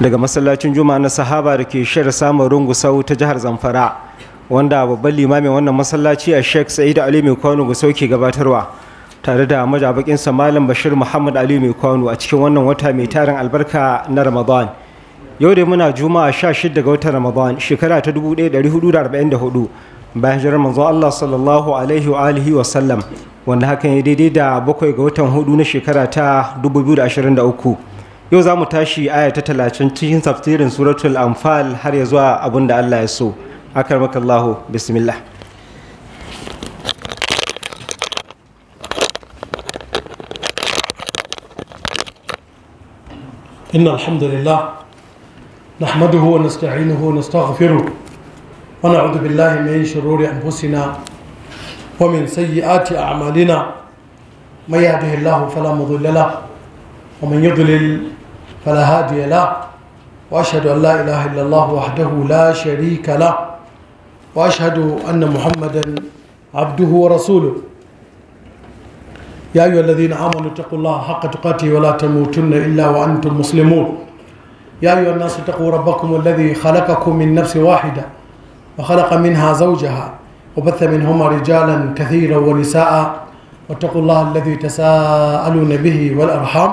daga masallacin juma'a na sahaba da ke shirin samun rungu ta jihar zamfara wanda babban limamin wannan masallaci a sheikh sa'id ali mai kwano ga sauke gabatarwa tare da majabakinsa malam bashir muhammad ali mai kwano a cikin wannan wata mai tarin albarka na ramadan yau dai muna juma'a 16 ga watan ramadan shekara ta 1444 bayan jiran manzo allah sallallahu alaihi wa alihi wa sallam wanda hakan ya daidai da bakwai ga watan hudu na shekara ta 2023 yau za mu tashi aya ta talacin cikin tafsirin suratul anfal har ya zuwa abin da Allah ya so akarmaka Allah bismillah إن الحمد لله نحمده ونستعينه ونستغفره ونعوذ بالله من شرور أنفسنا ومن سيئات أعمالنا من يهده الله فلا مضل له ومن يضلل فلا هادي له وأشهد أن لا إله إلا الله وحده لا شريك له وأشهد أن محمدا عبده ورسوله يا أيها الذين آمنوا اتقوا الله حق تقاته ولا تموتن إلا وأنتم مسلمون يا أيها الناس اتقوا ربكم الذي خلقكم من نفس واحدة وخلق منها زوجها وبث منهما رجالا كثيرا ونساء واتقوا الله الذي تساءلون به والأرحام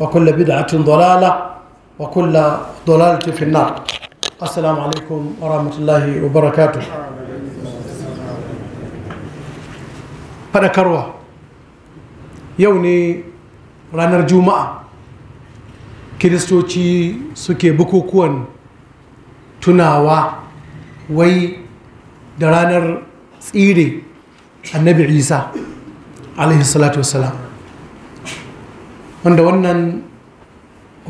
وكل بدعة ضلالة وكل ضلالة في النار السلام عليكم ورحمة الله وبركاته فنكروه يوني رانر جمعة kiristoci suke bukukuwan tunawa wai da ranar tsire annabi isa alaihi salatu wasalam wanda wannan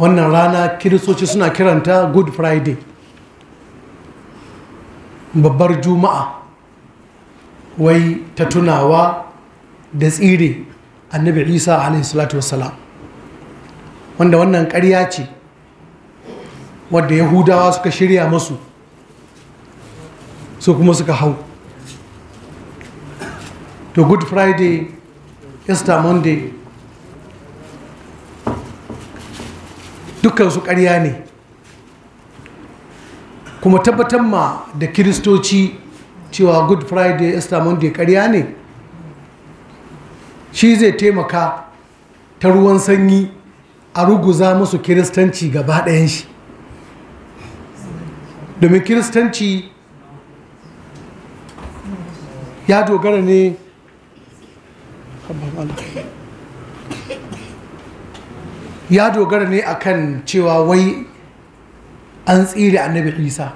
wannan rana kiristoci suna kiranta good friday babbar juma'a wai ta tunawa da tsire annabi isa alaihissalatu wassalam wanda wannan karya ce wadda yahudawa suka shirya masu su kuma suka hau to good friday easter monday dukansu ƙarya ne kuma tabbatar ma da kiristoci cewa good friday easter monday ƙarya ne shi zai taimaka ta ruwan sanyi a ruguza musu kiristanci gaba ɗayan shi domin kiristanci ya dogara ne ya dogara ne akan cewa wai an tsire annabi isa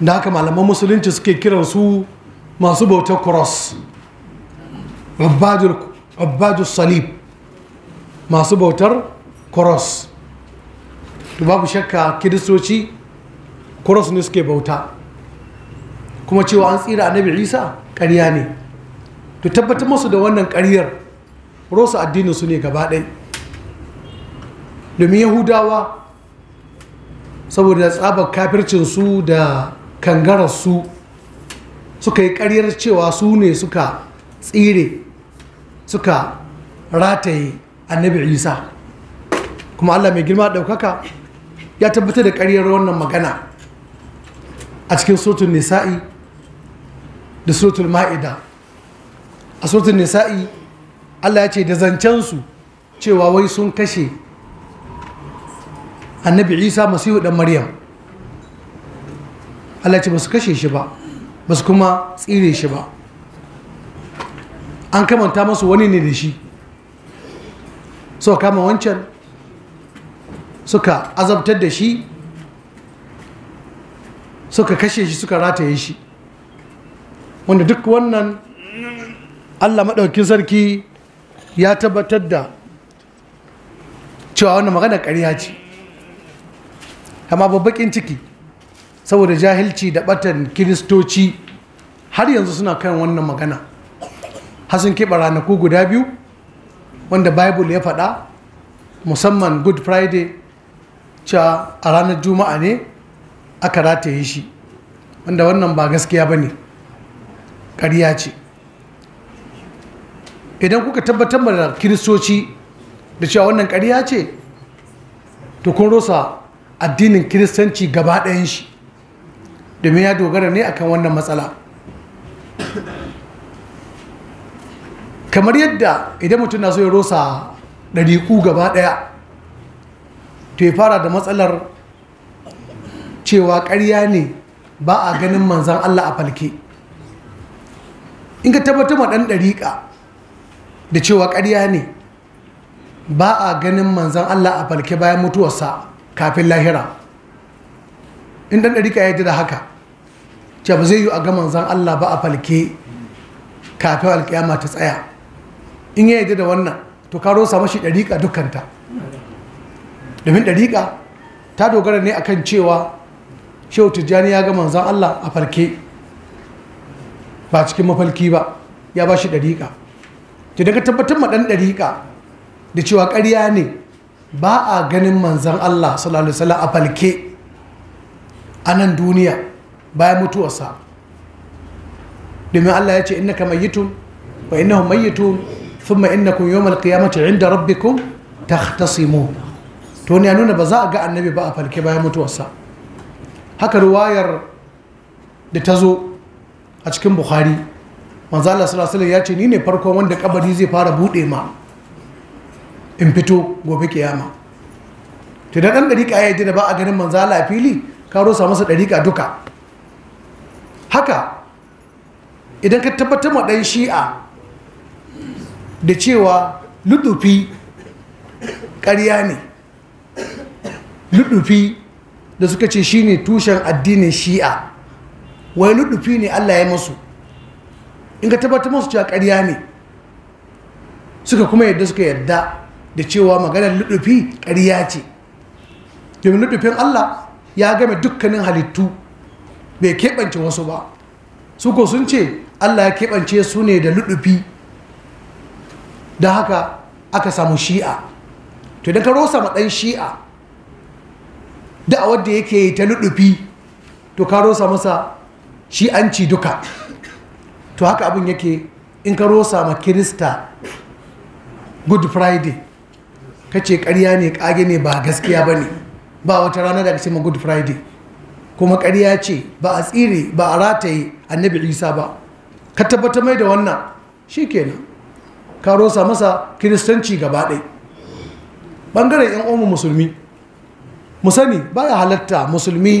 da haka malaman musulunci suke kiran su masu bautar cross abbajul salib masu bautar cross babu shakka kiristoci cross ne suke bauta kuma cewa an tsira annabi isa ƙarya ne to tabbatar musu da wannan ƙaryar rosa addinin su ne gaba domin yahudawa saboda tsaba kafircin su da kangarar su suka yi karyar cewa su ne suka tsire suka rataye annabi isa kuma allah mai girma ɗaukaka ya tabbatar da karyar wannan magana a cikin sotun nisa'i da sotun ma'ida a sotun nisa'i Allah ya ce da su cewa wai sun kashe annabi isa masihu dan maryam Allah ya ce ba kashe shi ba ba kuma tsire shi ba an kamanta masu wani ne da shi so kama wancan suka azabtar da shi suka kashe shi suka rataye shi wanda duk wannan allah maɗaukin sarki ya tabbatar da cewa wannan magana ƙarya ce amma babbakin ciki saboda jahilci da batan kiristoci har yanzu suna kan wannan magana har sun keɓe ranaku guda biyu wanda bible ya faɗa musamman good friday cewa a ranar juma'a ne aka rataye shi wanda wannan ba gaskiya ba ne ƙarya ce idan kuka tabbatar da kiristoci da cewa wannan ƙarya ce to kun rusa addinin kiristanci gaba ɗayan shi domin ya dogara ne akan wannan matsala kamar yadda idan mutum na so ya rusa ɗariƙu gaba ɗaya to ya fara da matsalar cewa ƙarya ne ba a ganin manzan Allah a falke in ka tabbatar ma ɗan ɗariƙa da cewa karya ne ba a ganin manzan Allah a falke bayan mutuwarsa kafin lahira in ɗan ɗarika ya da haka ce ba zai yi a ga manzan Allah ba a falke kafin alƙiyama ta tsaya in ya yadda da wannan to karo samu shi ɗarika dukkanta domin ɗarika ta dogara ne akan cewa shehu tijjani ya ga manzan Allah a falke ba cikin mafalki ba ya ba shi ɗarika ki daga tabbatar ma dan dariƙa da cewa ƙarya ne ba a ganin manzan Allah sallallahu alaihi a falke a nan duniya bayan mutuwarsa domin Allah ya ce innaka mayyitun wa innahum mayyitun thumma innakum yawmal qiyamati 'inda rabbikum tahtasimun to ne nuna ba za a ga annabi ba a falke bayan mutuwarsa haka ruwayar da ta zo a cikin bukhari Manzala salasala ya ce ni ne farkon wanda kabari zai fara bude ma in fito gobe kiyama ta da dan dariƙa ya yi da ba a ganin manzala a fili karo samu masa dariƙa duka haka idan ka tabbatar ma ɗan shi'a da cewa ludufi ƙarya ne ludufi da suka ce shine tushen addinin shi'a wai ludufi ne Allah ya masu in ka tabbatar musu cewa ƙarya ne suka kuma yadda suka yadda da cewa maganar luɗufi ƙarya ce domin luɗufin Allah ya game dukkanin halittu bai keɓance wasu ba su ko sun ce Allah ya keɓance su ne da ludufi da haka aka samu shi'a to idan ka rosa ɗan shi'a da a wadda yake ta luɗufi to ka rosa masa shi'anci duka to haka abin yake in ka rosa ma kirista good friday ka ce karya ne ƙage ne ba gaskiya ba ne ba wata rana da ce ma good friday kuma karya ce ba a tsire ba a rataye annabi isa ba ka tabbatar mai da wannan shi kenan ka rosa masa kiristanci gaba ɗaya ɓangaren 'yan uwan musulmi mu sani baya halatta musulmi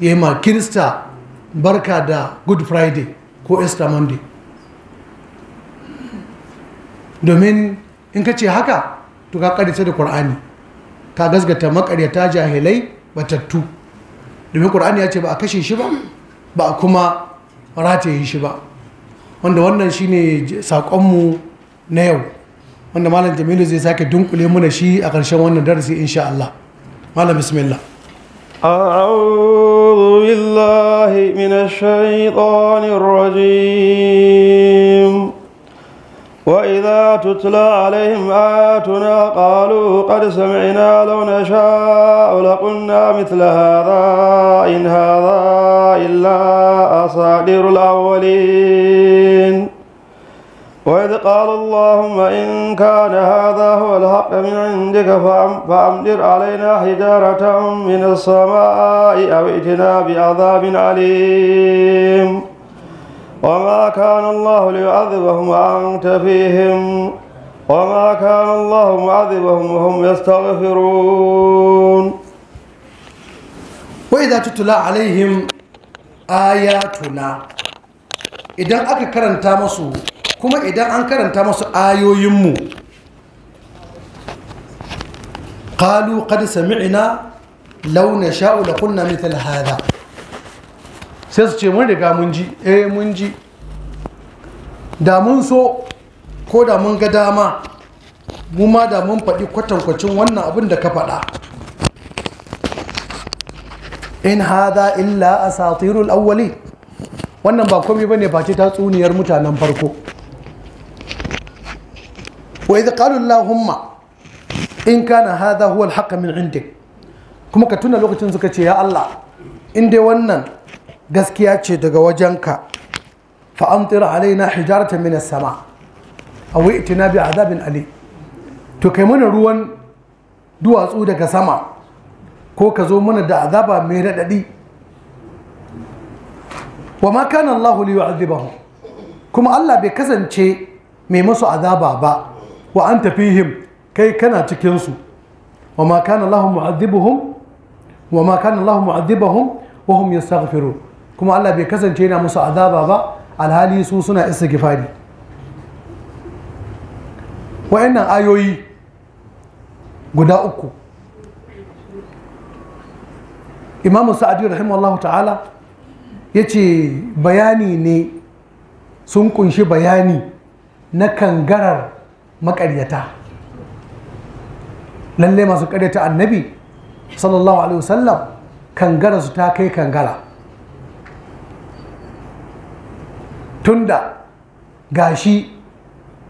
ya yi ma kirista barka da good friday ko easter monday domin in ka ce haka to ka karita da ƙur'ani ka gasgata makaryata jahilai batattu domin ƙur'ani ya ce ba a kashe shi ba ba a kuma rataye shi ba wanda wannan shine saƙonmu na yau wanda malam jamilu zai sake dunkule muna shi a ƙarshen wannan darasi insha Allah malam bismillah أعوذ بالله من الشيطان الرجيم وإذا تتلى عليهم آياتنا قالوا قد سمعنا لو نشاء لقلنا مثل هذا إن هذا إلا أساطير الأولين وإذ قال اللهم إن كان هذا هو الحق من عندك فأمدر علينا حجارة من السماء أو ائتنا بعذاب عليم وما كان الله ليعذبهم وأنت فيهم وما كان الله معذبهم وهم يستغفرون وإذا تتلى عليهم آياتنا إذا أكرمت مسوه kuma idan an karanta masu ayoyinmu qalu qad sami'na launa sha'u da kunna mithla lahada. sai su ce mun riga mun ji eh mun ji da mun so ko da mun ga dama mu ma da mun faɗi kwatankwacin wannan abin da ka faɗa in hada illa a satirul awwali wannan ba komai bane face tatsuniyar mutanen farko wa'idu ƙalu lahun ma in ka na haɗa huwa haka min indi kuma ka tuna lokacin suka ce ya Allah in inda wannan gaskiya ce daga wajenka fa'amtar halayi na hijjar ta minas sama a wai iti na biya azabin ali to kai mana ruwan duwatsu daga sama ko ka zo mana da azaba mai raɗaɗi wa ma kanan lahuli wa azibahun kuma Allah bai kasance mai masu azaba ba wa an him kai kana cikinsu wa ma kana Allah mu'adhibuhum wa ma kana Allah mu'adhibahum wa hum yastaghfirun kuma Allah bai kasance yana musu azaba ba alhali su suna isa istighfari wa'annan ayoyi guda uku Imam Sa'adi rahimahullahu ta'ala yace bayani ne sun kunshi bayani na kangarar maƙaryata lalle masu karyata annabi sallallahu alaihi wasallam kangara su ta kai kangara tunda gashi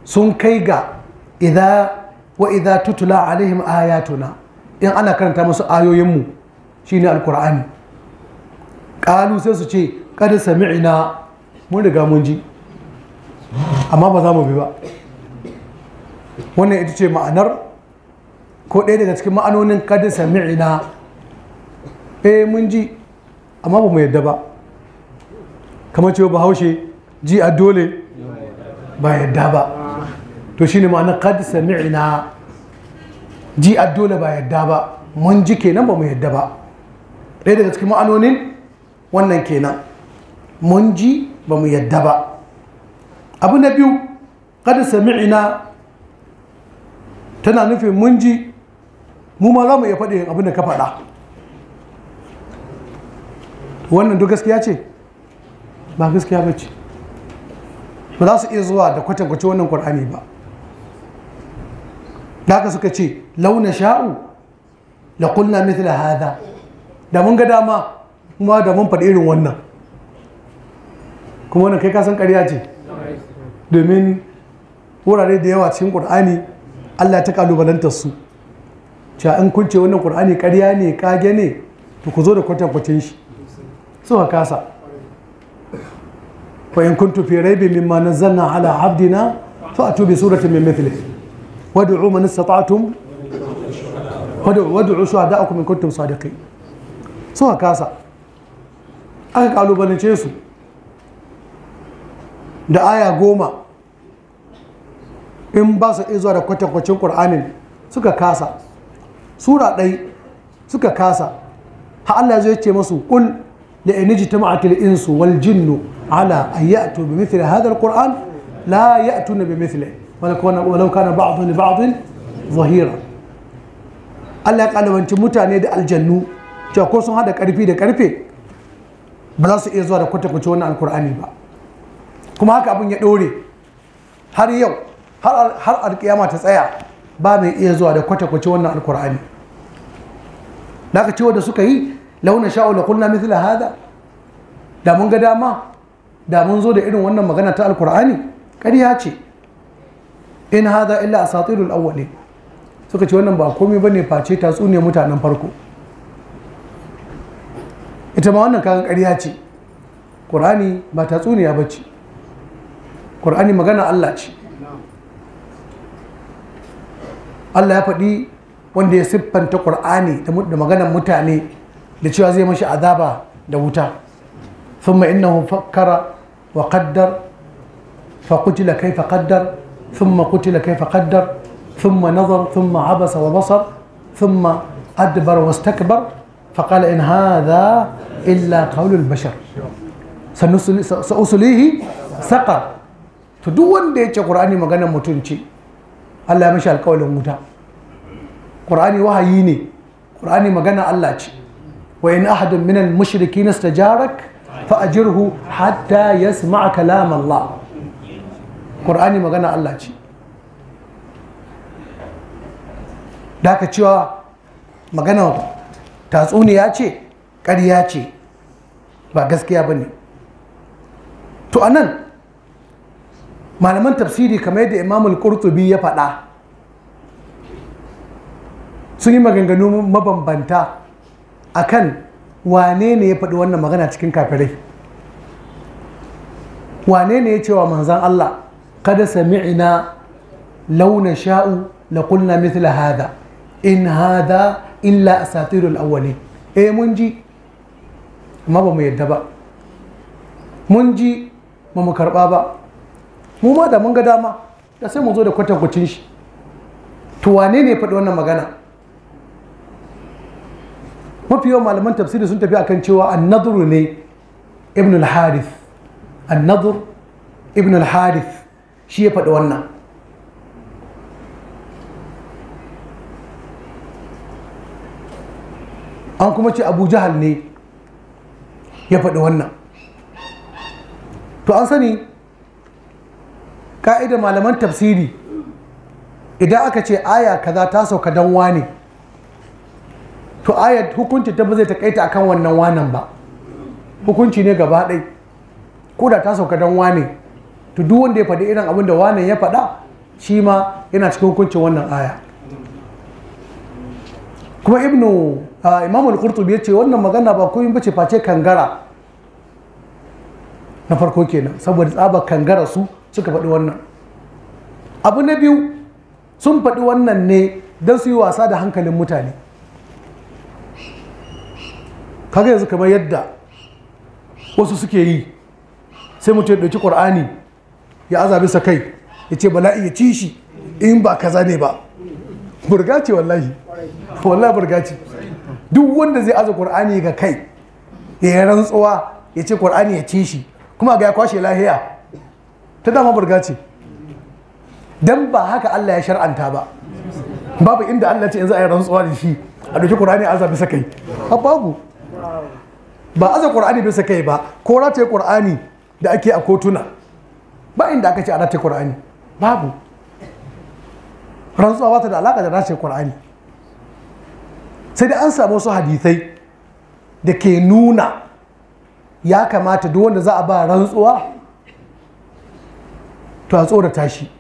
sun kai ga idza wa idza tutula alaihim ayatuna in ana karanta musu ayoyinmu shine alqur'ani qalu sai su ce qad sami'na mun riga mun ji amma ba za mu bi ba wannan ita ce ma'anar ko ɗaya daga cikin ma'anonin kadin sami'ina eh mun ji amma ba mu yadda ba kamar cewa bahaushe ji a dole ba yadda ba to shine ma'anar kadin sami'ina ji a dole ba yadda ba mun ji kenan ba mu yadda ba ɗaya daga cikin ma'anonin wannan kenan mun ji ba mu yadda ba abu na biyu kada sami'ina tana nufin mun ji mu ma za mu iya faɗi abin da ka faɗa wannan duk gaskiya ce ba gaskiya ba ce ba za su iya zuwa da kwatankwacin wannan ƙwar'ani ba da haka suka ce launa sha'u la kulna mithla hada da mun ga dama kuma da mun faɗi irin wannan kuma wannan kai kasan ƙarya ce domin wurare da yawa cikin ƙur'ani Allah ta kalubalantar su cewa in kun ce wannan qur'ani ƙarya ne kage ne to ku zo da kwatankwacin shi suka kasa fa in kuntu fi raibi mimma nazzalna ala abdina atu bi suratin min mithlihi wad'u man istata'tum wad'u shuhada'akum in kuntum sadiqin suka kasa aka kalubalance su da aya goma in ba su zuwa da kwatankwacin ƙur'anin suka kasa sura ɗai suka kasa ha Allah zai ce masu kul la in jitama'at al insu wal jinnu ala an ya'tu bi mithli hadha al qur'an la ya'tuna bi mithli walau kana ba'dhu li ba'dhin zahira Allah ya kalabanci mutane da aljannu cewa ko sun hada karfi da karfe ba za su iya zuwa da kwatankwacin wannan alkur'ani ba kuma haka abin ya ɗore har yau har alkiyama ta tsaya ba mai iya zuwa da kwace wannan alkur'ani da aka da suka yi launa sha'u la kulna hada da mun ga dama da mun zo da irin wannan magana ta alkur'ani ƙarya ce in hada illa asatirul awwalin suka ce wannan ba komai ne face tatsune mutanen farko ita ma wannan kaga ƙarya ce ƙur'ani ba tatsuniya ba ce ƙur'ani magana Allah ce Allah ya faɗi wanda ya siffanta Qur'ani da maganar mutane da cewa zai mashi azaba da wuta thumma innahu fakkara wa qaddar fa qutila kaifa qaddar thumma qutila kaifa qaddar thumma nazar thumma abasa wa basar thumma adbar wastakbar فقال إن هذا إلا قول البشر سأصليه سقر to duk wanda ya ce ƙur'ani maganar mutunci Allah ya mashi alkawalin wuta Qur'ani wahayi ne Qur'ani magana Allah ce wa in ahadun minal mushrikin istajarak fa ajirhu hatta yasma'a kalam Allah Qur'ani magana Allah ce da ka cewa magana tatsuniya ce ƙarya ce ba gaskiya ba ne to anan malaman tafsiri kamar yadda imamul qurtubi ya faɗa sun yi maganganu mabambanta akan wane ne ya faɗi wannan magana cikin kafirai wane ne ya ce cewa manzan Allah kada sami'ina launa sha'u la kunna mithla hada in hada illa asatirul awwalin eh mun ji amma ba mu yadda ba mun ji ba karɓa ba mu ma da mun ga dama da sai mu zo da kwatankwacin shi to wane ne faɗi wannan magana mafi yawan malaman tafsiri sun tafi akan cewa annadur ne ibn al-harith annadur ibn al-harith shi ya faɗi wannan an kuma ce abu jahal ne ya faɗi wannan to an sani ka'ida malaman tafsiri idan aka ce aya kaza ta sauka dan wane to ayat hukunci ta ba zai takaita akan wannan wanan ba hukunci ne gaba ɗai ko da ta sauka dan wane to duk wanda ya faɗi irin abin da wanan ya faɗa shi ma yana cikin hukuncin wannan aya kuma ibnu imam al-qurtubi ya ce wannan magana ba komai bace face kangara na farko kenan saboda tsaba kangara su suka faɗi wannan abu na biyu sun faɗi wannan ne don su yi wasa da hankalin mutane kaga yanzu kamar yadda wasu suke yi sai mutum ya ɗauki ƙur'ani ya azabi sa kai ya ce bala'i ya ci shi in ba kaza ne ba burga ce wallahi wallahi burga ce duk wanda zai aza ƙur'ani ga kai ya yi rantsuwa ya ce ƙur'ani ya ci shi kuma ga ya kwashe lahiya ta dama burga ce dan ba haka Allah ya shar'anta ba babu inda Allah ce yanzu a yi rantsuwa da shi a ɗauki Qur'ani a bisa kai a babu ba aza Qur'ani bisa kai ba ko rataye Qur'ani da ake a kotuna ba inda aka ce a rataye Qur'ani babu rantsuwa ba ta da alaka da rataye Qur'ani sai dai an samu wasu hadithai da ke nuna ya kamata duk wanda za a ba rantsuwa to a tsorata shi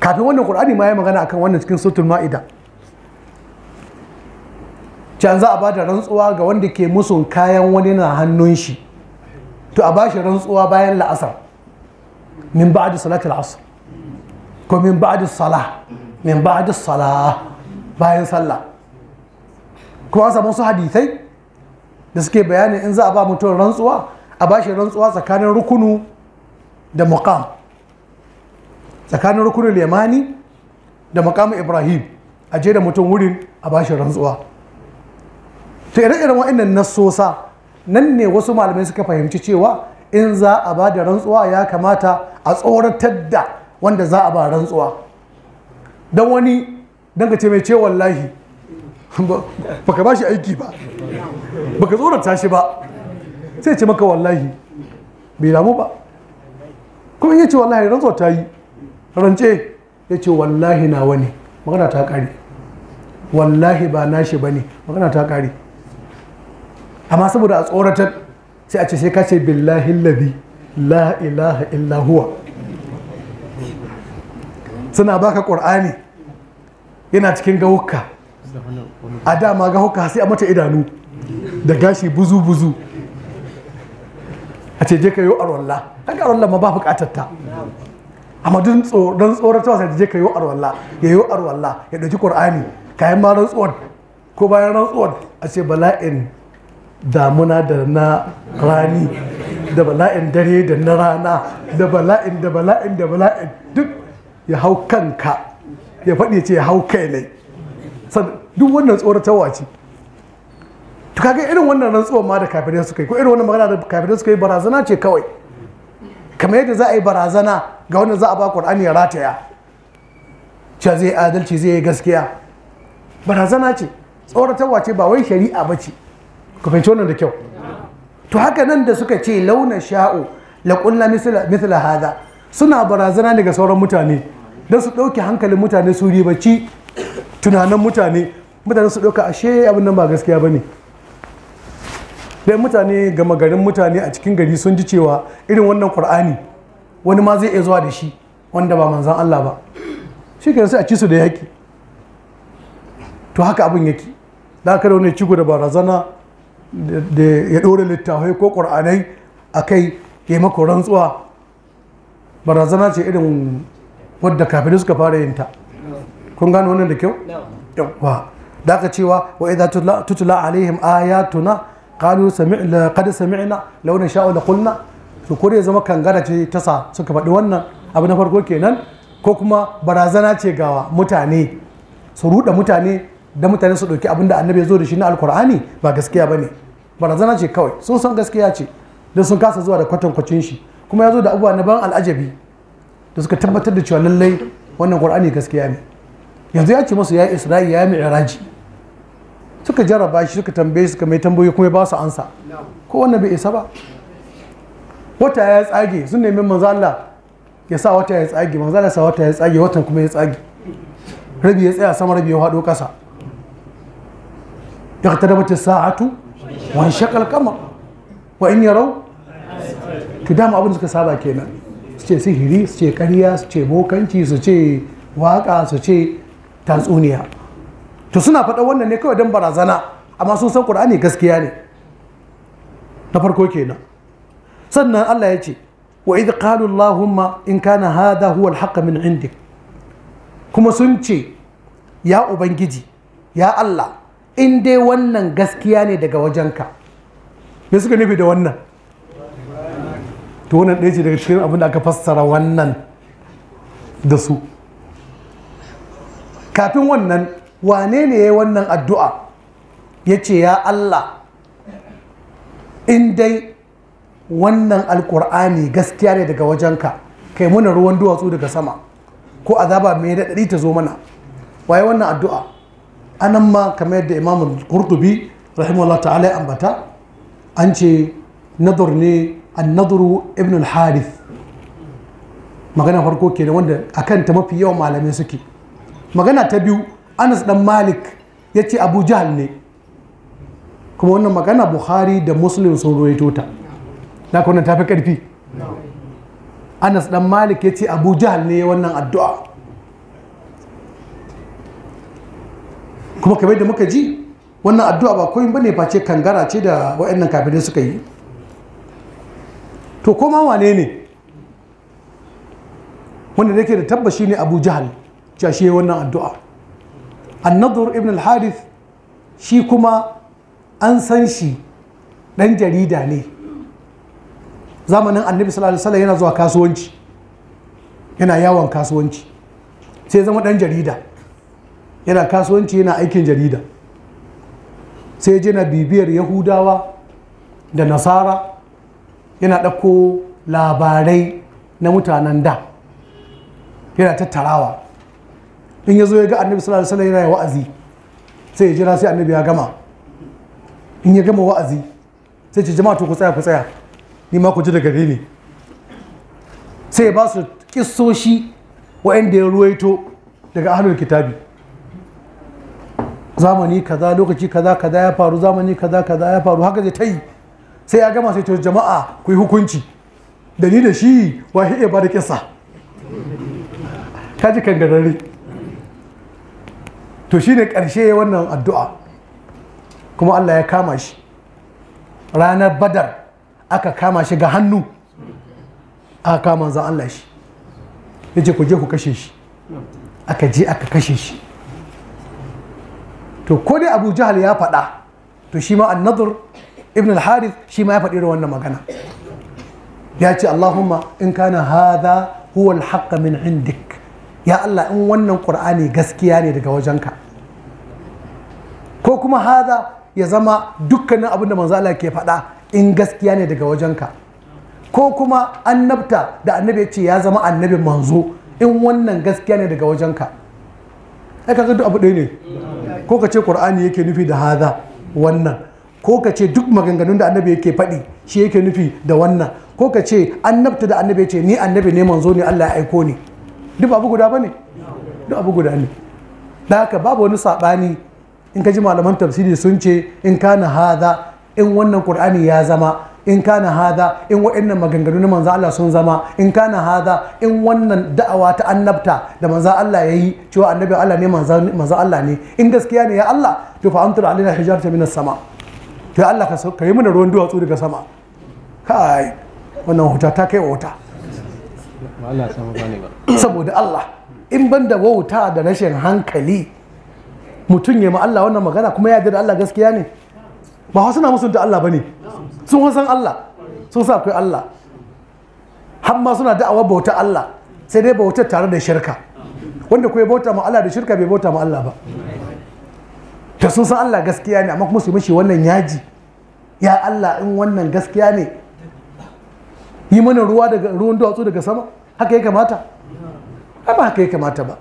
kafin wannan qur'ani ma ya magana akan wannan cikin suratul ma'ida can za a ba da rantsuwa ga wanda ke musun kayan wani na hannun shi to a ba shi rantsuwa bayan la'asar min ba'di salatul asr ko min ba'di salah min ba'di salah bayan sallah kuma an samu su hadithai da suke bayanin in za a ba mutum rantsuwa a ba shi rantsuwa tsakanin rukunu da muqam tsakanin rukunin limani da makamu ibrahim a je da mutum wurin a bashi rantsuwa to ire irin wa'annan nasosa nan ne wasu malamai suka fahimci cewa in za a ba da rantsuwa ya kamata a tsoratar da wanda za a ba rantsuwa don wani danga ce mai ce wallahi baka ba shi aiki ba baka tsorata shi ba sai ce maka wallahi bai damu ba kuma iya ce wallahi rantsuwa ta yi rance ya ce wallahi na wani. magana ta kare wallahi ba nashi ba ne magana ta kare amma saboda a tsoratar sai a ce sai ka ce billahi labi la ilaha illa huwa suna baka ƙur'ani yana cikin gahukka. a dama gahukka sai a mata idanu da gashi buzu-buzu a ce je ka yi arwallah haka arwallah ma ba bukatar ta amma don tsoratarwa sai je ka yi arwalla ya yi arwalla ya ɗauki ƙur'ani yi ma rantsuwar ko bayan rantsuwar a ce bala'in damuna da na rani da bala'in dare da na rana da bala'in da bala'in da bala'in duk ya hau kanka ya faɗi ce ya hau kai ne duk wannan tsoratarwa ce to kaga irin wannan rantsuwar ma da kafirai suka yi ko irin wannan magana da kafirai suka yi barazana ce kawai kamar yadda za a yi barazana ga wanda za a ba qur'ani ya rataya cewa zai adalci zai yi gaskiya barazana ce tsoratarwa ce ba wai shari'a ba ce ku fahimci wannan da kyau to haka nan da suka ce launa sha'o la kulla mithla hadha suna barazana daga sauran mutane don su ɗauki hankalin mutane su ribaci tunanin mutane mutane su ɗauka ashe abin nan ba gaskiya ba ne dai mutane gama garin mutane a cikin gari sun ji cewa irin wannan qur'ani wani ma zai iya zuwa da shi wanda ba manzan Allah ba shi ke sai a ci su da yaki to haka abin yake da haka da wani cigo da barazana da ya ɗora littafai ko ƙur'anai a kai ya mako rantsuwa barazana ce irin wadda kafin suka fara yin ta kun gano wannan da kyau? da aka cewa wa idza tutla alaihim ayatuna qalu sami'na qad sami'na law na sha'u to ko dai zama kangara ce ta sa suka faɗi wannan abu na farko kenan ko kuma barazana ce ga mutane su ruɗa mutane da mutane su ɗauki abinda annabi ya zo da shi na alkur'ani ba gaskiya ba ne barazana ce kawai sun san gaskiya ce da sun kasa zuwa da kwatankwacin shi kuma ya zo da abubuwa na ban al'ajabi da suka tabbatar da cewa lallai wannan qur'ani gaskiya ne yanzu ya ce musu ya isra'i ya mi'raji suka jaraba shi suka tambaye suka mai tambayoyi kuma ba su ansa ko wannan bai isa ba wata ya tsage sun nemi manzo Allah ya sa wata ya tsage manzo Allah sa wata ya tsage watan kuma ya tsage rabi ya tsaya sama rabi ya hado kasa dama abin da suka saba kenan. Su ce sihiri, su ce سچه su ce bokanci su ce waka, su ce tatsuniya. to suna faɗa wannan ne kawai don barazana amma sun san ƙur'ani gaskiya ne na farko kenan sannan Allah ya ce wa idh qalu allahumma in kana hadha huwa al min indik kuma sun ce ya ubangiji ya Allah in dai wannan gaskiya ne daga wajenka me suka nufi da wannan to wannan ɗaya ce daga cikin abin da aka fassara wannan da su kafin wannan wane ne ya wannan addu'a ya ce ya Allah in dai wannan alkur'ani gaskiya ne daga wajenka kai muna ruwan duwatsu daga sama ko azaba mai daɗaɗi ta zo mana waye wannan addu'a anan ma kamar yadda imamun kurtubi rahimahullah ta'ala ya ambata an ce nadar ne annaduru ibn al-harith magana farko kenan wanda akan ta mafi yawan malamai suke magana ta biyu anas dan malik ya ce abu jahal ne kuma wannan magana buhari da muslim sun ruwaito ta da kuma ta fi karfi anas dan malik ya ce abu jahal ne wannan addu'a kuma kamar da muka ji wannan addu'a ba koyin bane ce kangara ce da waɗannan kafirai suka yi to koma wane ne wanda yake ke da tabbashi ne abu jahal cewa shi wannan addu'a annadur ibn al-harith shi kuma an san shi ɗan jarida ne zamanin annabi sallallahu alaihi yana zuwa kasuwanci yana yawon kasuwanci sai zama ɗan jarida yana kasuwanci yana aikin jarida sai jina bibiyar yahudawa da nasara yana ɗauko labarai na mutanen da yana tattarawa in ya zo ya ga annabi sallallahu alaihi wasallam yana wa'azi sai ya jira sai annabi ya gama in ya gama wa'azi sai ce jama'a to ku tsaya ku tsaya ni ma ku ji daga ne sai ya ba su kissoshi wa'anda ya ruwaito daga ahlul kitabi zamani kaza lokaci kaza kaza ya faru zamani kaza kaza ya faru haka zai ta yi sai ya gama sai to jama'a ku yi hukunci da ni da shi wa iya ba da kissa kaji kan garare to shi ne ƙarshe wannan addu'a kuma Allah ya kama shi ranar badar aka kama shi ga hannu aka kama zan Allah shi ya ce ku je ku kashe shi aka je aka kashe shi to ko dai abu jahal ya faɗa to shi ma annadur ibn al-harith shi ma ya faɗi da wannan magana ya ce allahumma in kana hadha huwa al min indik ya Allah in wannan ƙur'ani gaskiya ne daga wajenka ko kuma haza ya zama dukkanin abin da manzala ke faɗa in gaskiya ne daga wajenka ko kuma annabta da annabi ya ce ya zama annabin manzo in wannan gaskiya ne daga wajenka ka kaga duk abu ɗaya ne ko ka ce ƙur'ani yake nufi da haza wannan ko ka ce duk maganganun da annabi yake faɗi shi yake nufi da wannan ko ka ce annabta da annabi ya ce ni annabi ne manzo ne Allah ya aiko ni duk abu guda ba ne duk abu guda ne da haka babu wani saɓani in ka ji malaman tafsiri sun ce in kana haza in wannan qur'ani ya zama in kana haza in waɗannan maganganu na manzan Allah sun zama in na hada in wannan da'awa ta annabta da manzan Allah ya yi cewa annabi Allah ne manzan Allah ne in gaskiya ne ya Allah to fa amtur alaina hijarta minas sama to ya Allah ka yi mana ruwan duwatsu daga sama kai wannan huta ta kai wa wuta saboda Allah in ban da wauta da rashin hankali mutum ya ma Allah wannan magana kuma ya da Allah gaskiya ne ba wasu na musunta Allah ba ne sun san Allah sun sa akwai Allah har ma suna da'awa bauta Allah sai dai bauta tare da shirka wanda kuma bauta ma Allah da shirka bai bauta ma Allah ba ta sun san Allah gaskiya ne amma kuma su mishi wannan yaji ya Allah in wannan gaskiya ne yi mana ruwa daga ruwan duwatsu daga sama haka ya kamata ba haka ya kamata ba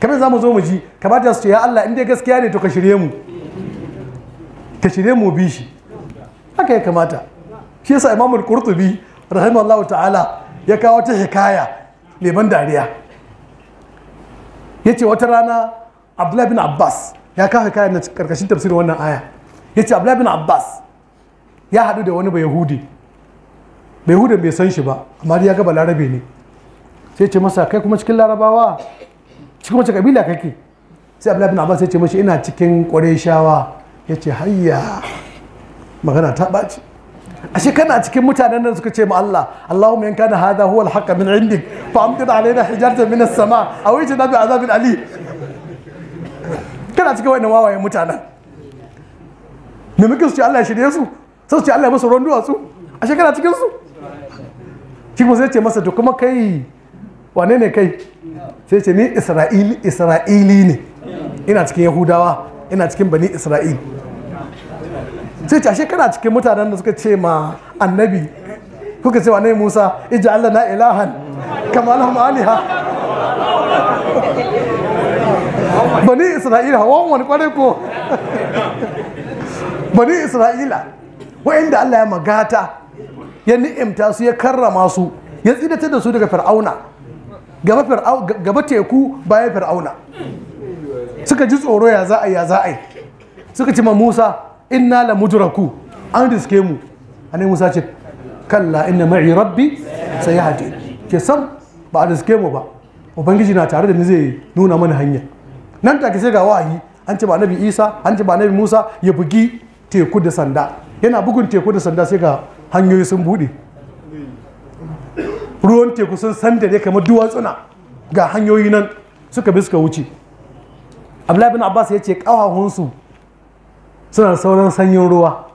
kamar za mu zo mu ji kamata su ce ya Allah in gaskiya ne to ka shirye mu ka shirye mu bi shi haka ya kamata shi yasa imamul qurtubi rahimahullahu ta'ala ya kawo ta hikaya mai ban dariya yace wata rana abdullahi bin abbas ya kawo hikaya na karkashin tafsirin wannan aya yace abdullahi bin abbas ya haɗu da wani bayahudi bayahudin bai san shi ba amma ya ga balarabe ne sai ce masa kai kuma cikin larabawa cikin wace kabila kake sai abu labin abbas sai ce mashi ina cikin Ya ce hayya magana ta baci ashe kana cikin mutanen nan suka ce ma Allah Allahumma in kana hadha huwa al min indik fa amtir na hijaratan min as-sama aw ijna bi azabin ali kana cikin wannan wawayen mutanen me muke su ce Allah ya shirye su sai su ce Allah ya musu ruwan duwatsu ashe kana cikin su Cikin kuma zai ce masa to kuma kai wane ne kai sai ce ni isra'ili isra'ili ne ina cikin yahudawa ina cikin bani isra'il sai ce ashe kana cikin mutanen da suka ce ma annabi kuka ce wane musa ija allah na ilahan kamar lahum aliha bani isra'ila hawan wani kwarai ko bani isra'ila wa'inda allah ya magata ya ni'imta su ya karrama su ya tsidata da su daga fir'auna gaba teku bayan fir'auna suka ji tsoro ya za a ya za suka ci ma musa inna la mudraku an riske mu anai musa ce kalla inna ma'i rabbi sai ya haɗe ke sam ba a riske mu ba ubangiji na tare da ni zai nuna mana hanya nan take sai ga wahayi an ce ba nabi isa an ci ba nabi musa ya bugi teku da sanda yana bugun teku da sanda sai ga hanyoyi sun buɗe ruwan teku sun sandare kamar duwatsuna ga hanyoyi nan suka bi suka wuce abdullahi bin abbas ya ce ƙawahunsu suna sauran sanyin ruwa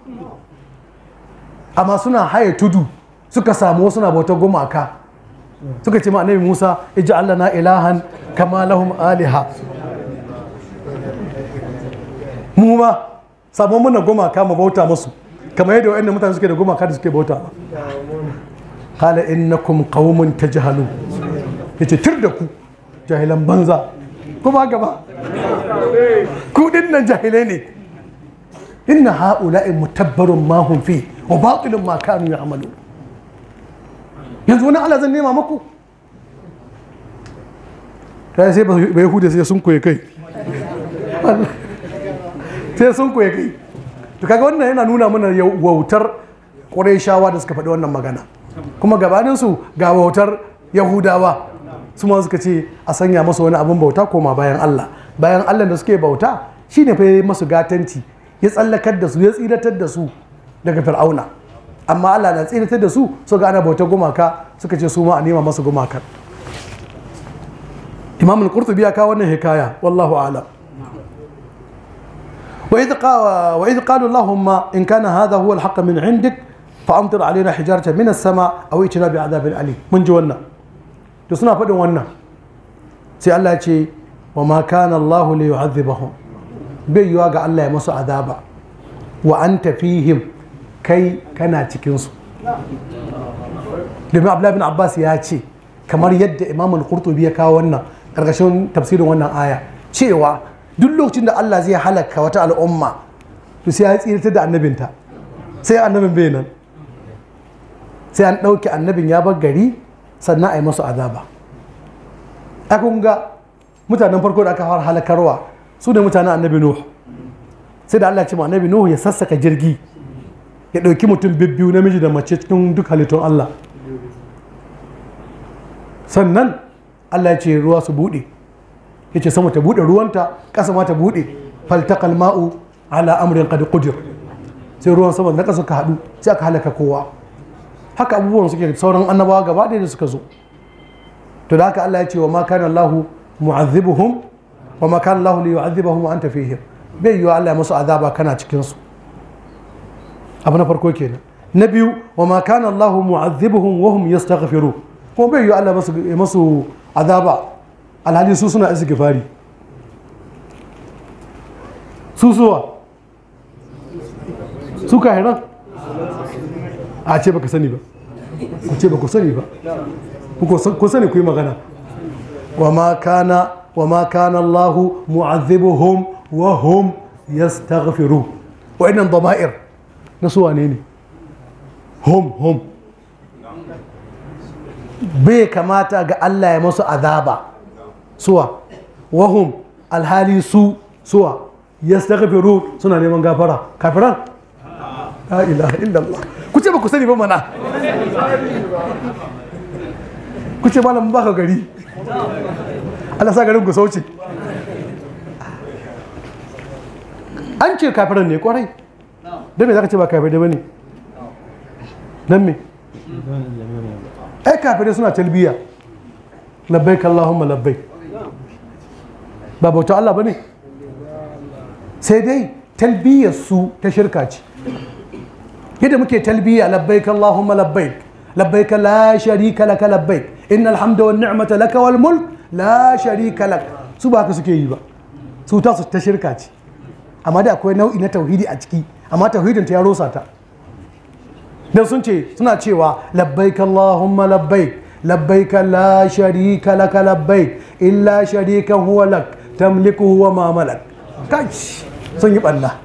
amma suna haye tudu suka samu suna bautar gumaka suka ce ma annabi musa iji allah na ilahan kama lahum aliha mu ma samu muna gumaka mu bauta musu kamar yadda wa'annan mutane suke da gumaka da suke bauta qala innakum qaumun tajhalu yace tir da ku jahilan banza ko ba gaba ku dinnan jahilai ne inna haula'i mutabbarun ma hum fi wa batilun ma kanu ya'malu yanzu wani Allah zan nema maku ta sai ba yahuda sai sun koye kai sai sun koye kai to kaga wannan yana nuna mana wautar ƙwarai shawa da suka faɗi wannan magana kuma gabaninsu ga bautar yahudawa su ma suka ce a sanya masa wani abin bauta koma bayan allah bayan allah da suke bauta shine fa ya masu gatanci ya tsallakar da su ya tsiratar da su daga fir'auna amma allah na tsiratar da su so ga ana bautar gumaka suka ce su ma a nema masu gumakar imamul al-qurtubi ya wannan hikaya wallahu a'lam وإذ قالوا in kana كان هذا هو الحق min 'indik Fa'amtar amtir na hijaratan min a sama aw itina bi adabin ali mun ji wannan to suna faɗin wannan sai Allah ce wa ma kana Allah li yu'adhibahum bai yiwa ga Allah ya masu azaba wa anta him kai kana cikinsu. domin Abdullahi bin Abbas ya ce kamar yadda Imam al-Qurtubi ya kawo wannan ƙarƙashin tafsirin wannan aya cewa duk lokacin da Allah zai halaka wata al'umma to sai ya tsirta da annabinta sai annabin bai nan sai an ɗauke annabin ya bar gari sannan a yi masu azaba a ga mutanen farko da aka fara halakarwa su ne mutanen annabi nuhu sai da allah ce ma annabi nuhu ya sassaka jirgi ya ɗauki mutum bibbiyu namiji da mace cikin duk halittun allah sannan allah ya ce ruwa su buɗe ya ce sama ta buɗe ruwanta ƙasa ma ta buɗe faltakal ma'u ala amrin qad qudir sai ruwan sama na ƙasa ka haɗu sai aka halaka kowa haka abubuwan suke sauran annabawa gaba ɗaya da suka zo to da haka Allah ya ce wa ma kana Allahu mu'azzibuhum wa ma kana Allahu li yu'azzibahum wa anta fihim bai yi Allah ya musu azaba kana cikin su abu na farko kenan na biyu wa ma kana Allahu mu'azzibuhum wa hum yastaghfiru ko bai yi Allah ya musu azaba alhali su suna istighfari su suwa su kahiran a ce baka sani ba ku ce baku sani ba ku sani ku yi magana wa ma kana wa ma kana Allah mu'azzibuhum wa hum yastaghfiru wa innan dama'ir na su wane ne hum hum bai kamata ga Allah ya masu azaba suwa wa hum alhali su suwa yastaghfiru suna neman gafara kafiran la ilaha illallah ku ce ba ku sani ba mana ku ce malam ba ka gari Allah sa garin ku sauce an ce kafiran ne kwarai don me za ka ce ba kafirai ba ne don me ai kafirai suna talbiya labbai kallahumma labbai ba bauta Allah ba ne sai dai talbiyar su ta shirka ce yadda muke talbiya labbaik Allahumma labbaik labbaik la sharika laka labbaik innal hamda wan ni'mata laka wal mulk la sharika lak su ba haka suke yi ba su ta su ta shirka ce amma da akwai nau'i na tauhidi a ciki amma tauhidin ta ya rosa ta dan sun ce suna cewa labbaik Allahumma labbaik labbaik la sharika laka labbaik illa sharika huwa lak tamliku huwa ma malak kai sun yi balla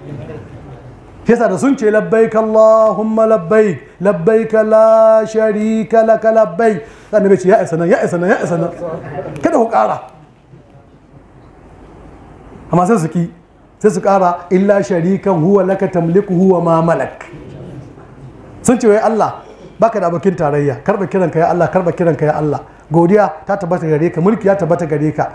yasa da sun ce labbaik Allahumma labbaik labbaik la sharika lak labbaik ne ce ya isa nan ya isa nan ya isa nan kada ku ƙara amma sai su ki sai su ƙara illa sharikan huwa laka tamliku huwa ma malak sun ce wai Allah baka da abokin tarayya karba kiranka ya Allah karba kiranka ya Allah godiya ta tabbata gare ka mulki ya tabbata gare ka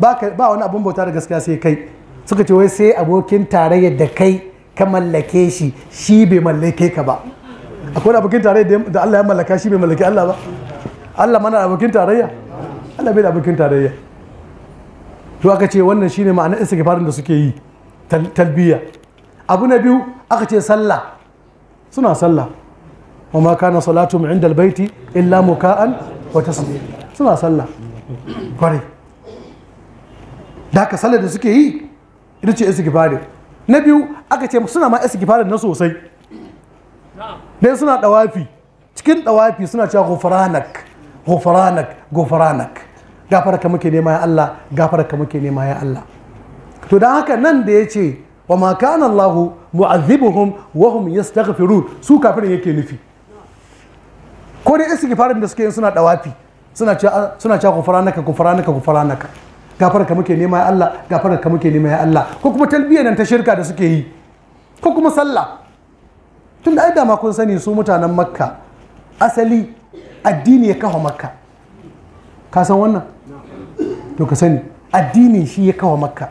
ba wani abun bauta da gaskiya sai kai suka ce wai sai abokin tarayya da kai ka mallake shi shi bai mallake ka ba akwai abokin tarayya da Allah ya mallaka shi bai mallaki Allah ba Allah mana abokin tarayya Allah bai da abokin tarayya to aka ce wannan shine ma'anar istighfarin da suke yi talbiya abu na biyu aka ce sallah suna sallah wa ma kana salatu min inda albayti illa muka'an wa tasbih suna sallah kware da ka sallar da suke yi ita ce istighfarin na biyu aka ce suna ma istighfarin na sosai dai suna dawafi cikin dawafi suna cewa ghufranak ghufranak ghufranak gafara ka muke nema ya Allah gafara ka muke nema ya Allah to dan haka nan da yace wa ma kana Allah mu'azzibuhum wa hum yastaghfirun su kafirin yake nufi ko dai istighfarin da suke yin suna dawafi suna cewa suna cewa ghufranaka Gafararka ka muke nema ya Allah gafararka ka muke nema ya Allah ko kuma talbiya nan ta shirka da suke yi ko kuma sallah tun da ai dama kun sani su mutanen makka asali addini ya kawo makka ka san wannan to ka sani addini shi ya kawo makka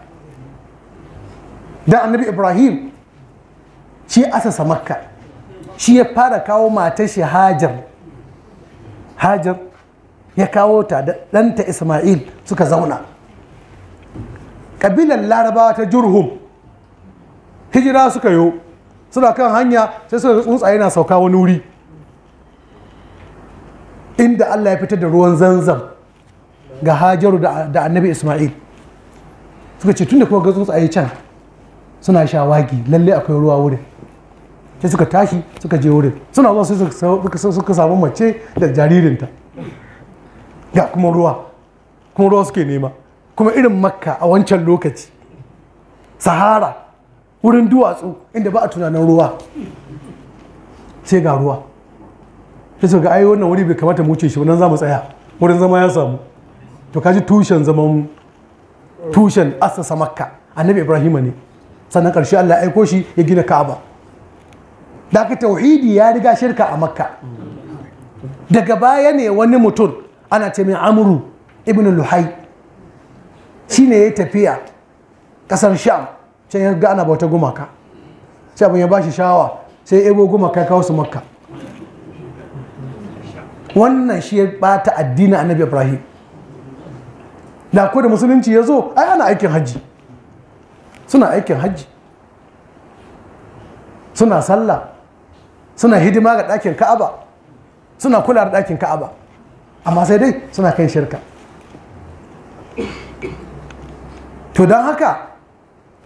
dan annabi ibrahim shi asasa makka shi ya fara kawo matar shi hajar hajar ya kawo ta da ɗanta ismail suka zauna kabilar larabawa ta jurhum hijira suka yo suna kan hanya sai suka tsuntsaye na sauka wani wuri inda Allah ya fitar da ruwan zanzam ga hajaru da annabi Ismail suka ce tun da kuma ga tsuntsaye can suna shawagi lalle akwai ruwa wurin sai suka tashi suka je wurin suna zuwa sai suka samu mace da jaririnta ga kuma ruwa kuma ruwa suke nema kuma irin makka a wancan lokaci sahara wurin duwatsu inda ba a tunanin ruwa sai ga ruwa sai ga ai wannan wuri bai kamata mu wuce shi nan za mu tsaya wurin zama ya samu to kaji tushen zaman tushen asasa makka annabi ibrahim ne sannan karshe allah aiko shi ya gina ka'aba da aka tauhidi ya riga shirka a makka daga baya ne wani mutum ana ce mai amuru ibn luhai shine ya tafiya kasar sham can ya ga ana bauta gumaka sai abin ya ba shi shawa sai ya ebo gumaka kawo su makka wannan shi ya bata addinin annabi ibrahim da ko da musulunci ya zo ai ana aikin hajji suna aikin hajji suna sallah suna hidima ga ɗakin ka'aba suna kula da ɗakin ka'aba amma sai dai suna kan shirka to don haka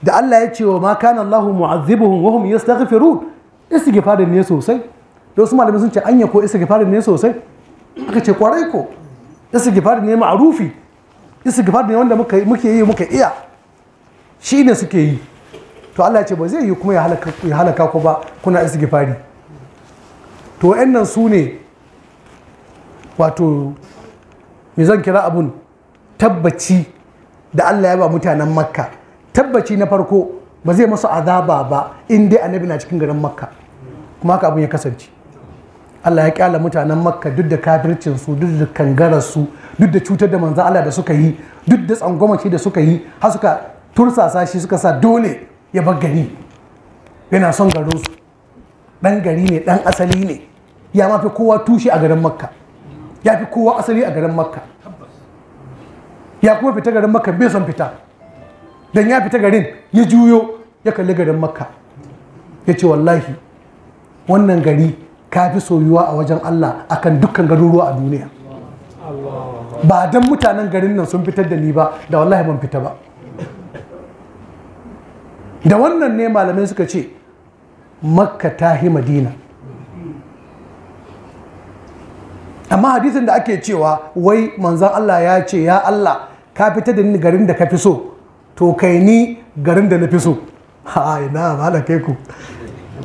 da Allah ya ce wa ma kana Allah mu'azzibuhum wa hum yastaghfirun istighfarin ne sosai da wasu malamai sun ce anya ko istighfarin ne sosai aka ce kwarai ko istighfarin ne ma'rufi istighfar ne wanda muke yi muka iya shi ne suke yi to Allah ya ce ba zai yi kuma ya halaka ku ba kuna istighfari to wayannan su ne wato me zan kira abun tabbaci da Allah ya ba mutanen makka tabbaci na farko ba zai masu azaba ba in dai annabi na cikin garin makka kuma haka abin ya kasance Allah ya kyala mutanen makka duk da kafircin su duk da kangarar su duk da cutar da manzo Allah da suka yi duk da tsangwamaci da suka yi har suka tursasa shi suka sa dole ya bar gari yana son garin su dan gari ne dan asali ne ya mafi kowa tushe a garin makka ya fi kowa asali a garin makka ya kuma fita garin makka bai son fita dan ya fita garin ya juyo ya kalli garin makka ya ce wallahi wannan gari ka fi soyuwa a wajen allah akan dukkan garuruwa a duniya ba dan mutanen garin nan sun fitar da ni ba da wallahi ban fita ba da wannan ne malamai suka ce makka ta hi madina amma hadisin da ake cewa wai manzan Allah ya ce ya Allah ka fita da ni garin da ka fi so to kai ni garin da na fi so ha ina mala kai ku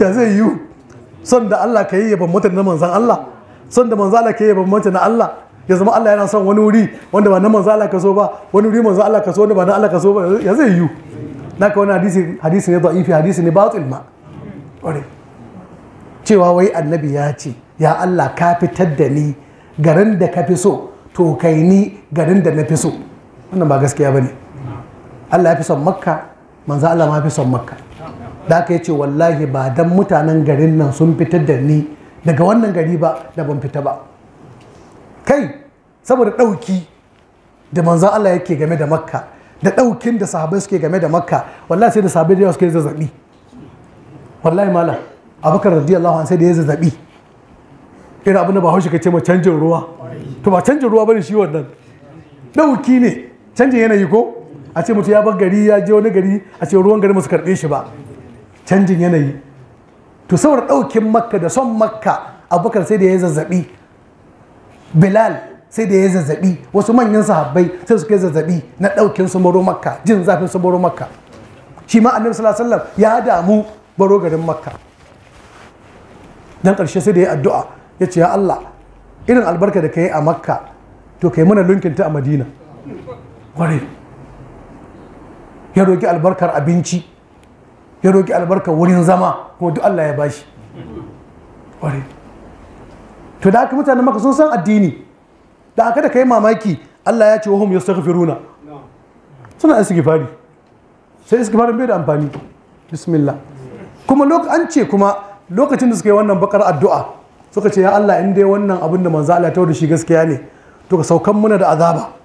da zai yiwu son da Allah ka yi ya bambanta na manzan Allah son da manzan Allah ka yi ya bambanta na Allah ya zama Allah yana son wani wuri wanda ba na manzan Allah ka so ba wani wuri manzan Allah ka so wanda ba na Allah ka so ba ya zai yiwu ka wani hadisi hadisi ne da'ifi hadisi ne batil ma ore cewa wai annabi ya ce ya Allah ka fitar da ni garin da ka fi so to kai ni garin da na fi so wannan ba gaskiya ba ne. Allah ya fi son makka manzo Allah ma fi son makka da aka ce wallahi ba dan mutanen garin nan sun fitar da ni daga wannan gari ba da ban fita ba kai saboda ɗauki da manzo Allah yake game da makka da ɗaukin da sahabai suke game da makka wallahi sai da sahabai da yawa suke zazzabi wallahi malam abubakar radiyallahu an sai da ya zazzabi irin abin da ba haushi ka ce ma canjin ruwa to ba canjin ruwa bane shi wannan ɗauki ne canjin yanayi ko a ce mutu ya bar gari ya je wani gari a ce ruwan gari musu karɓe shi ba canjin yanayi to saboda ɗaukin makka da son makka abubakar sai da ya zazzabi bilal sai da ya zazzaɓi wasu manyan sahabbai sai suka yi zazzabi na ɗaukin su baro makka jin zafin su baro makka shi ma annabi sallallahu alaihi wasallam ya damu baro garin makka dan ƙarshe sai da ya addu'a ya ce ya Allah irin albarka da ka yi a makka to ka yi mana lunkinta a madina kwarai ya roƙi albarkar abinci ya roƙi albarkar wurin zama ko duk Allah ya bashi kwarai to da aka mutane maka sun san addini da aka da kai mamaki Allah ya ce wahum yastaghfiruna suna istighfari sai fari bai da amfani bismillah kuma an ce kuma lokacin da suka yi wannan bakar addu'a suka ce ya Allah in dai wannan abin da manzo Allah ta da shi gaskiya ne to ka saukan muna da azaba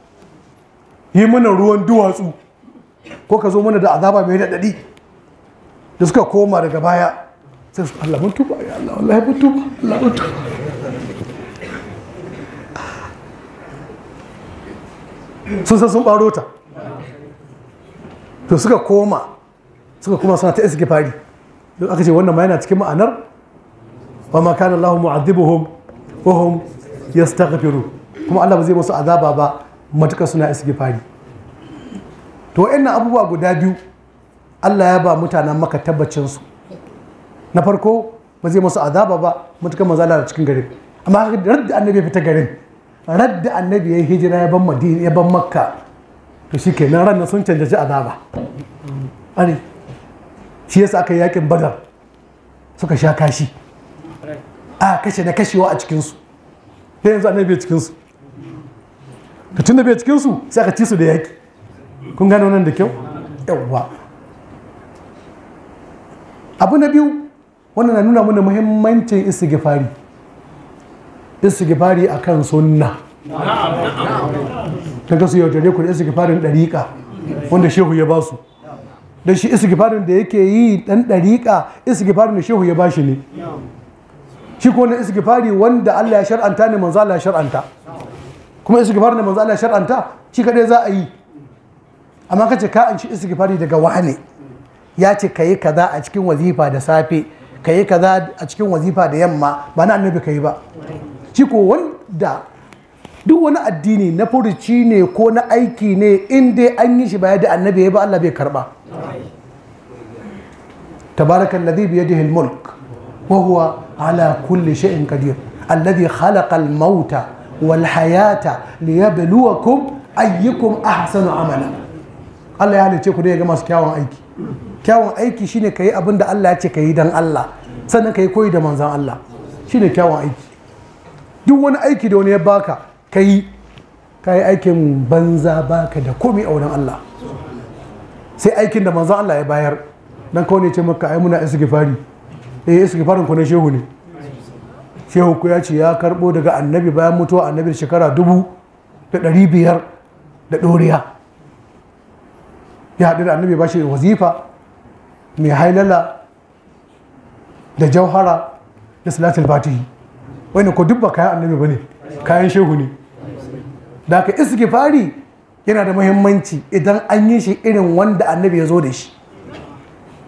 yi mana ruwan duwatsu ko ka zo mana da azaba mai daɗaɗi da suka koma daga baya sai su Allah mun tuba ya Allah wallahi mun tuba Allah mun tuba sun san sun baro ta to suka koma suka koma suna ta iske fari don aka ce wannan ma yana cikin ma'anar wa ma kana Allahu mu'adhibuhum wa hum yastaghfiru kuma Allah ba zai musu azaba ba Matuka suna fari. to ina abubuwa guda biyu Allah ya ba mutanen maka tabbacin su na farko ba zai masu azaba ba matuka mazala da cikin garin amma radda annabi ya fita garin radda annabi ya yi hijira ya ban madina ya ban makka to shi ke nan ranar sun canjaci azaba are shi yasa aka yi yakin badar suka sha kashi a kashe na kashewa a cikinsu ta yanzu annabi cikinsu ka tunda bai cikin su sai ka ci su da yaki kun gane wannan da kyau yawwa abu na biyu wannan na nuna mana muhimmancin istighfari istighfari akan sunna kaga su yaudare ku da istighfarin dariƙa wanda shehu ya ba su don shi istighfarin da yake yi dan dariƙa istighfarin da shehu ya ba shi ne shi ko na istighfari wanda Allah ya shar'anta ne manzo Allah ya shar'anta kuma isigifar ne manzo Allah shar'anta shi kadai za a yi amma kace ka an ci isigifari daga wane ya ce kayi kaza a cikin wazifa da safe kayi kaza a cikin wazifa da yamma ba na annabi kayi ba shi ko wanda duk wani addini na furuci ne ko na aiki ne in dai an yi shi baya da annabi ya ba Allah bai karba tabarakan ladhi ya yadihi al-mulk wa ala kulle sha'in Kadir, walhayata hayata liyabluwakum ayyukum ahsanu amala Allah ya halice ku dai ga masu kyawun aiki kyawun aiki shine kayi abin da Allah ya ce kayi dan Allah sannan kayi koyi da manzan Allah shine kyawun aiki duk wani aiki da wani ya baka kayi kayi aikin banza baka da komai a wurin Allah sai aikin da manzon Allah ya bayar dan kawai ne ce maka ai muna istighfari eh istighfarin ku na shehu ne shehu ku ya ce ya karbo daga annabi bayan mutuwa annabi da shekara dubu da ɗari biyar da ɗoriya ya haɗu da annabi ba shi wazifa mai hailala da jauhara da salatul fatihi wani ko dubba kayan annabi ba ne kayan shehu ne da aka fari yana da muhimmanci idan an yi shi irin wanda annabi ya zo da shi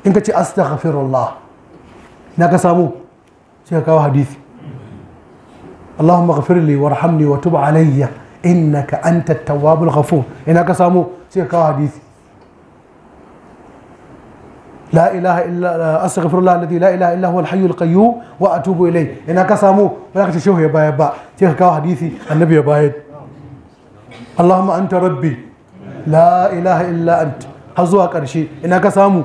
in ka ce astaghfirullah na ka samu sai ka kawo hadisi اللهم اغفر لي وارحمني وتب علي innaka anta tawwabul ina ka samu sai ka hadisi la ilaha illa astaghfirullah la ilaha illa huwa al wa atubu ilay ina ka samu ba ka ce ya baya ba sai ka kawo hadisi annabi ya baya Allahumma anta rabbi la ilaha illa anta har zuwa karshe ina ka samu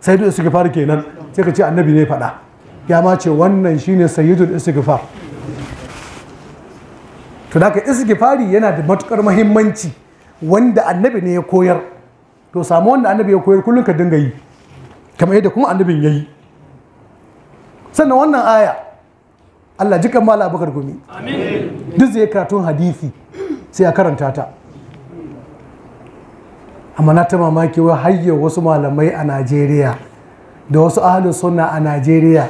kenan sai ka ce annabi ne faɗa ya ce wannan shine sayyidul istighfar to da iski fari yana da matukar muhimmanci wanda annabi ne ya koyar to samu wanda annabi ya koyar kullum ka dinga yi kamar yadda kuma annabin ya yi sannan wannan aya Allah jikan mala bakar gumi duk zai karatun hadisi sai a karanta ta amma na ta mamaki wa hayya wasu malamai a Najeriya da wasu ahalin sunna a Najeriya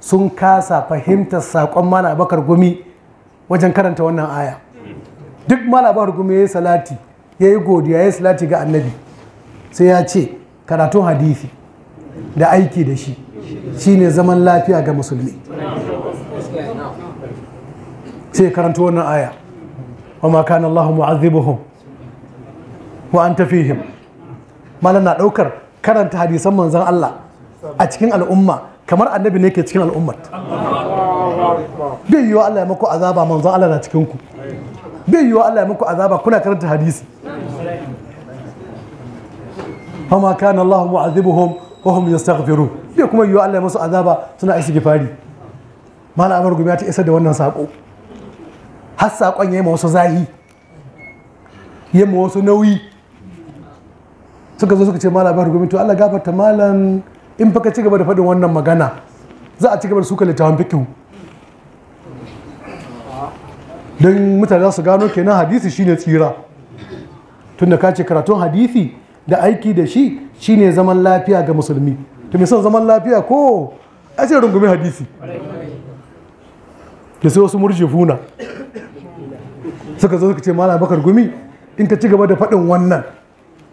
sun kasa fahimtar saƙon mala bakar gumi wajen karanta wannan aya duk malabar kuma ya yi salati ya yi godiya ya yi salati ga annabi sai ya ce karatun hadisi da aiki da shi shine zaman lafiya ga musulmi sai karanta wannan aya wa ma kana Allah mu'azzibuhum wa anta fihim malam na daukar karanta hadisan manzon Allah a cikin al'umma kamar annabi ne ke cikin al'ummar bai yiwa Allah ya muku azaba manzon Allah na cikin ku bai yiwa Allah ya muku azaba kuna karanta hadisi fama kana Allah mu'azibuhum wa hum yastaghfiru bai kuma yiwa Allah ya musu azaba suna istighfari malam Amar Gumi ya ta isa da wannan sako har sakon yayi ma wasu zahi yayi ma wasu nauyi suka zo suka ce malam Amar Gumi to Allah gafarta malam in fa ka ci gaba da faɗin wannan magana za a ci gaba da suka littafin fikihu don mutane za su gano kenan hadisi shine tsira tunda ka ce karatun hadisi da aiki da shi shine zaman lafiya ga musulmi to me son zaman lafiya ko a ce rungume hadisi da sai wasu murje funa suka zo suka ce malam bakar gumi in ka ci gaba da faɗin wannan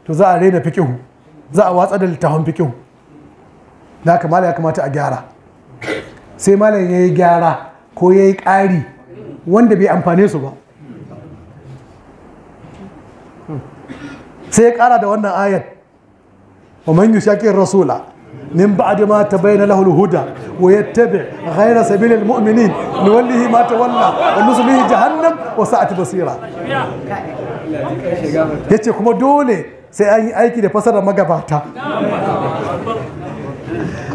to za a raina fikihu za a watsa da littafin fikihu da haka malam ya kamata a gyara sai malam ya yi gyara ko ya yi ƙari wanda bai amfane su ba sai ya kara da wannan ayar wa man yushaqi rasula min ba'd ma tabayyana lahu al-huda wa yattabi ghayra sabili al-mu'minin nuwallihi ta walla. wa nuslihi jahannam wa sa'at basira yace kuma dole sai an yi aiki da fasarar magabata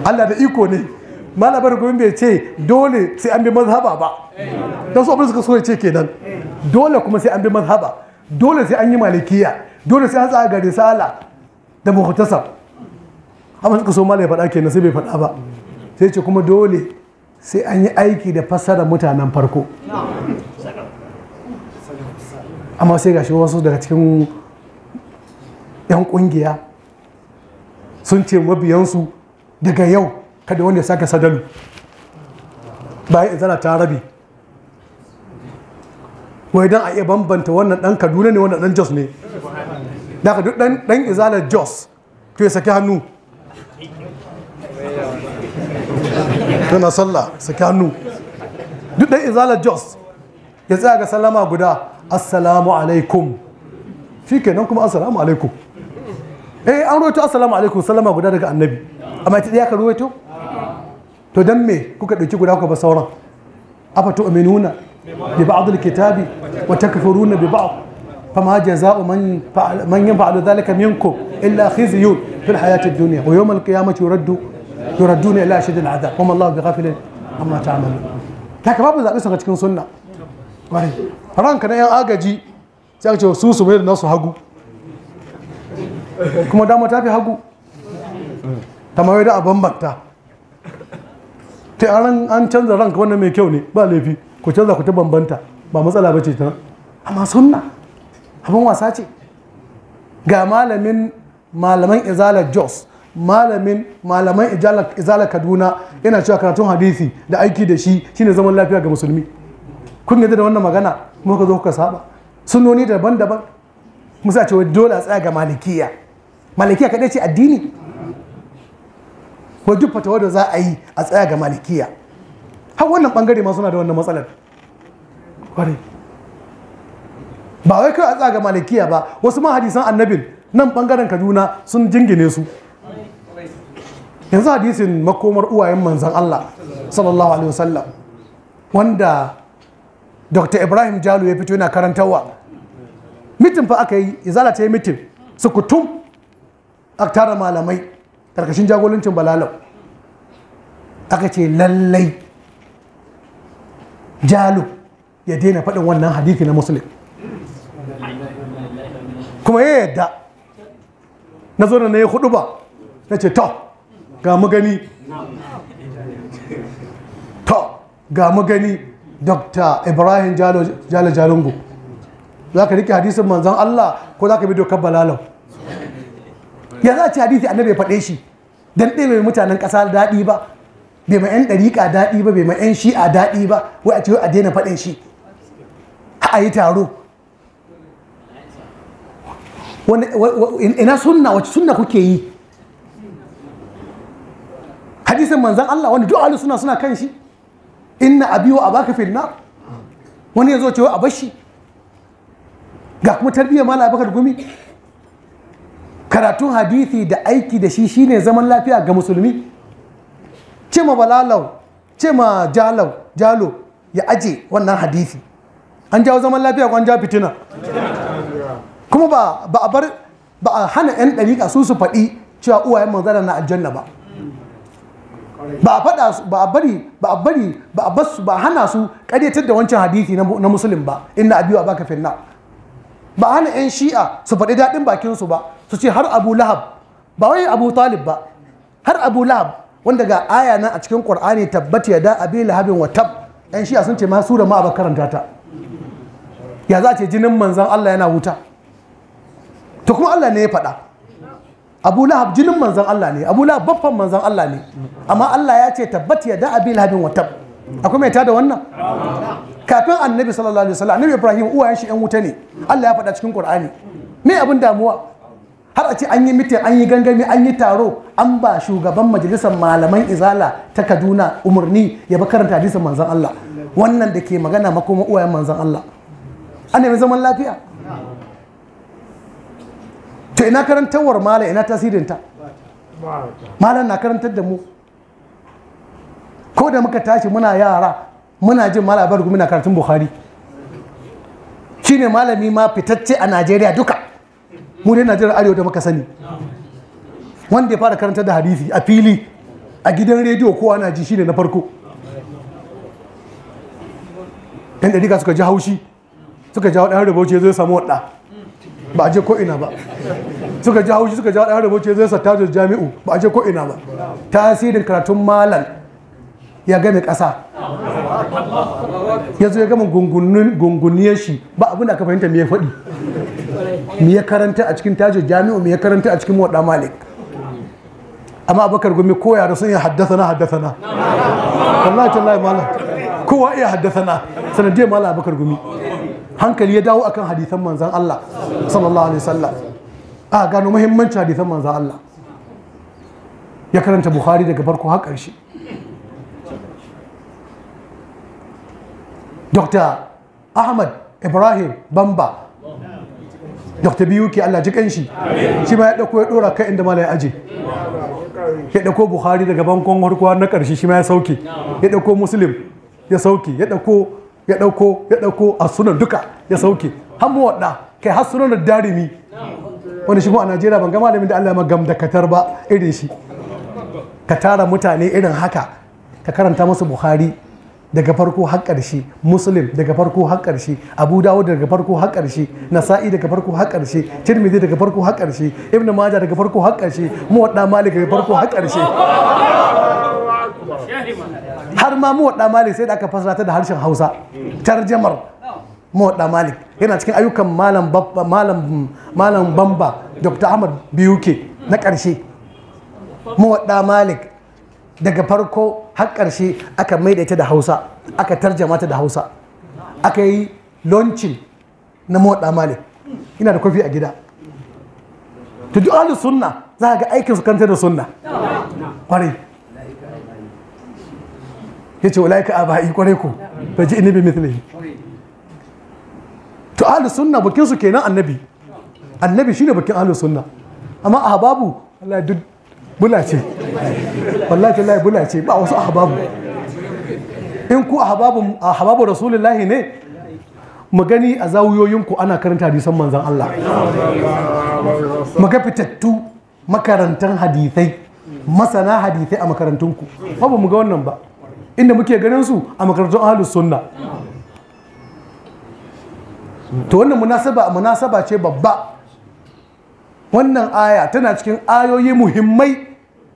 Allah da iko ne malabar gobe bai ce dole sai an bi mazhaba ba don su abin suka so ya ce kenan dole kuma sai an bi mazhaba dole sai an yi malikiya dole sai an tsaga ga risala da muhtasab abin suka so malai ya faɗa kenan sai bai faɗa ba sai ce kuma dole sai an yi aiki da fassara mutanen farko amma sai gashi wasu daga cikin 'yan kungiya sun ce mabiyansu daga yau kada wanda ya sake sadalu bayan zana ta rabi wai dan a iya bambanta wannan dan kaduna ne wannan dan jos ne da ka duk dan izalar jos to ya saki hannu tana sallah saki hannu duk dan izalar jos ya tsaya ga sallama guda assalamu alaikum Fi kenan kuma assalamu alaikum eh an ruwaito assalamu alaikum sallama guda daga annabi amma ta ɗaya ka ruwaito? to dan me kuka ɗauki guda kuka ba sauran afa to aminuna bi ba'd al-kitabi wa takfuruna bi ba'd فما جزاء من فعل من يفعل ذلك منكم الا خزي في الحياه الدنيا ويوم القيامه يرد يردون الى اشد العذاب وما الله بغافل amma ta amalu ta ka babu zaɓe saka cikin sunna ƙwarai ranka na yan agaji sai aka ce su su mai da nasu hagu kuma dama ta fi hagu ta mawai da a bambanta ta an an canza ranka wannan mai kyau ne ba laifi ku canza ku ta bambanta ba matsala ba ce ta amma sunna abin wasa ce ga malamin malaman izala jos malamin malaman izala kaduna yana cewa karatun hadisi da aiki da shi shine zaman lafiya ga musulmi kun yadda da wannan magana muka zo kuka saba sunnoni daban-daban musa ce dole a tsaya ga malikiya malikiya kaɗai ce addini ko duk fatawa da za a yi a tsaya ga malikiya har wannan bangare ma suna da wannan matsalar kwarai ba wai kawai a tsaya ga malikiya ba wasu ma hadisan annabin nan bangaren kaduna sun jingine su yanzu hadisin makomar uwayen manzan Allah sallallahu alaihi wasallam wanda Dr. Ibrahim Jalo ya fito yana karantarwa mitin fa aka yi izala ta yi mitin sukutum a tara malamai karkashin jagorancin balalau aka ce lallai jalo ya daina faɗin wannan hadithi na musulun kuma ya yadda na zo na ya hudu ba na ce to ga mu gani to ga mu gani dr ibrahim jalo jalungu za ka rike hadisin manzon allah ko za ka bi dokar balalau ya za a ci hadisi annabi ya faɗe shi dan ɗaya mai mutanen ƙasa daɗi ba bai ma 'yan ɗariƙa daɗi ba bai ma 'yan shi'a daɗi ba wai a ce a daina faɗin shi a yi taro ina sunna wacce sunna kuke yi hadisin manzan Allah wanda duk suna suna kan shi inna abi a baka fil wani wani zo cewa a bashi? ga kuma tarbiyyar mallam Abubakar Gumi karatun hadithi da aiki da shi shine zaman lafiya ga musulmi ce ma balalau ce ma jalau jalo ya aje wannan hadithi an jawo zaman lafiya ko an ja fitina kuma ba a bar ba a hana yan dariƙa su su faɗi cewa uwayen manzana na aljanna ba ba a faɗa ba a bari ba a bari ba a basu ba hana su ƙaryatar da wancan hadithi na musulun ba inna ba baka finna ba a hana yan shi'a su faɗi daɗin bakin su ba su ce har abu lahab ba wai abu talib ba har abu lahab wanda ga aya nan a cikin qur'ani tabbata ya da abi lahabin wa tab yan shi'a sun ce ma sura ma ba karanta ta ya za ce jinin manzon Allah yana wuta to kuma Allah ne ya faɗa Abu Lahab jinin manzon Allah ne Abu Lahab baffan manzon Allah ne amma Allah ya ce tabbata ya da abi lahabin wa tab akwai mai tada wannan kafin annabi sallallahu alaihi wasallam annabi Ibrahim uwayen shi yan wuta ne Allah ya faɗa cikin qur'ani me abin damuwa har a ce an yi mitin an yi gangami an yi taro an ba shugaban majalisar malaman izala ta kaduna umarni ya ba karanta hadisin manzon Allah wannan da ke magana makoma uwayen manzon Allah an nemi zaman lafiya to ina karantawar mala ina tasirinta malam na karantar da mu ko da muka tashi muna yara muna jin bar gumi na karatun bukhari shine malami ma fitacce a najeriya duka mu dai najeriya arewa da muka sani wanda ya fara karanta da hadisi a fili a gidan rediyo kowa na ji shine na farko yan ɗariƙa suka ji haushi suka jawo ɗan rubuce zai samu waɗa ba a je ko ina ba suka ji haushi suka jawo ɗan rubuce zai sa tajir jami'u ba a je ko ina ba tasirin karatun malam ya game ƙasa ya zo ya gama gunguniyar shi ba abin da aka fahimta mai ya faɗi mai ya karanta a cikin tajir jami'u mai ya karanta a cikin waɗa malik amma abakar gumi ko yara sun yi haddasa na haddasa na wallahi tallahi malam kowa iya haddasa na sanadiyar malam abakar gumi hankali ya dawo akan hadisan manzan Allah sallallahu alaihi wasallam a gano muhimmancin hadisan manzan Allah ya karanta Bukhari daga farko har ƙarshe dr ahmad ibrahim bamba dr biyu ke allah ji kanshi shi ma ya dauko ya ɗora kai inda malai ya aje ya dauko buhari daga bankon harkuwa na karshe shi ma ya sauke ya dauko muslim ya sauke ya dauko ya dauko ya dauko a sunan duka ya sauke har mu wadda kai har sunan darimi wani shi a najeriya ban ga malamin da allah ya gam da katar ba irin shi ka tara mutane irin haka ka karanta musu buhari daga farko har ƙarshe muslim daga farko har ƙarshe abu dawo daga farko har ƙarshe nasa'i daga farko har ƙarshe tirmidhi daga farko har ƙarshe ibnu majah daga farko har ƙarshe muwadda malik daga farko har ƙarshe har ma muwadda malik sai da aka fasarata da harshen hausa tarjamar muwadda malik yana cikin ayyukan malam malam malam bamba dr ahmad biuke na ƙarshe muwadda malik daga farko har ƙarshe aka maida ta da hausa aka tarjama ta da hausa aka yi launching na mawaɗa male ina da kwafi a gida to duk ahlus sunna za ga aikin su kanta da sunna kwarai yace a ba'i kwarai ku, to ji innabi mithlihi to ahlus sunna bukin su kenan annabi annabi shine bukin a'la sunna amma a Allah duk bula ce wallahi lai bula ce ba wasu ahbabu in ku ahbabu ahbabu rasulullahi ne mu gani a zawuyoyinku ana karanta hadisan manzan Allah mu ga fitattu makarantan hadisai masana hadisai a makarantunku ba mu ga wannan ba inda muke ganin su a makarantun ahlus sunna to wannan munasaba munasaba ce babba wannan aya tana cikin ayoyi muhimmai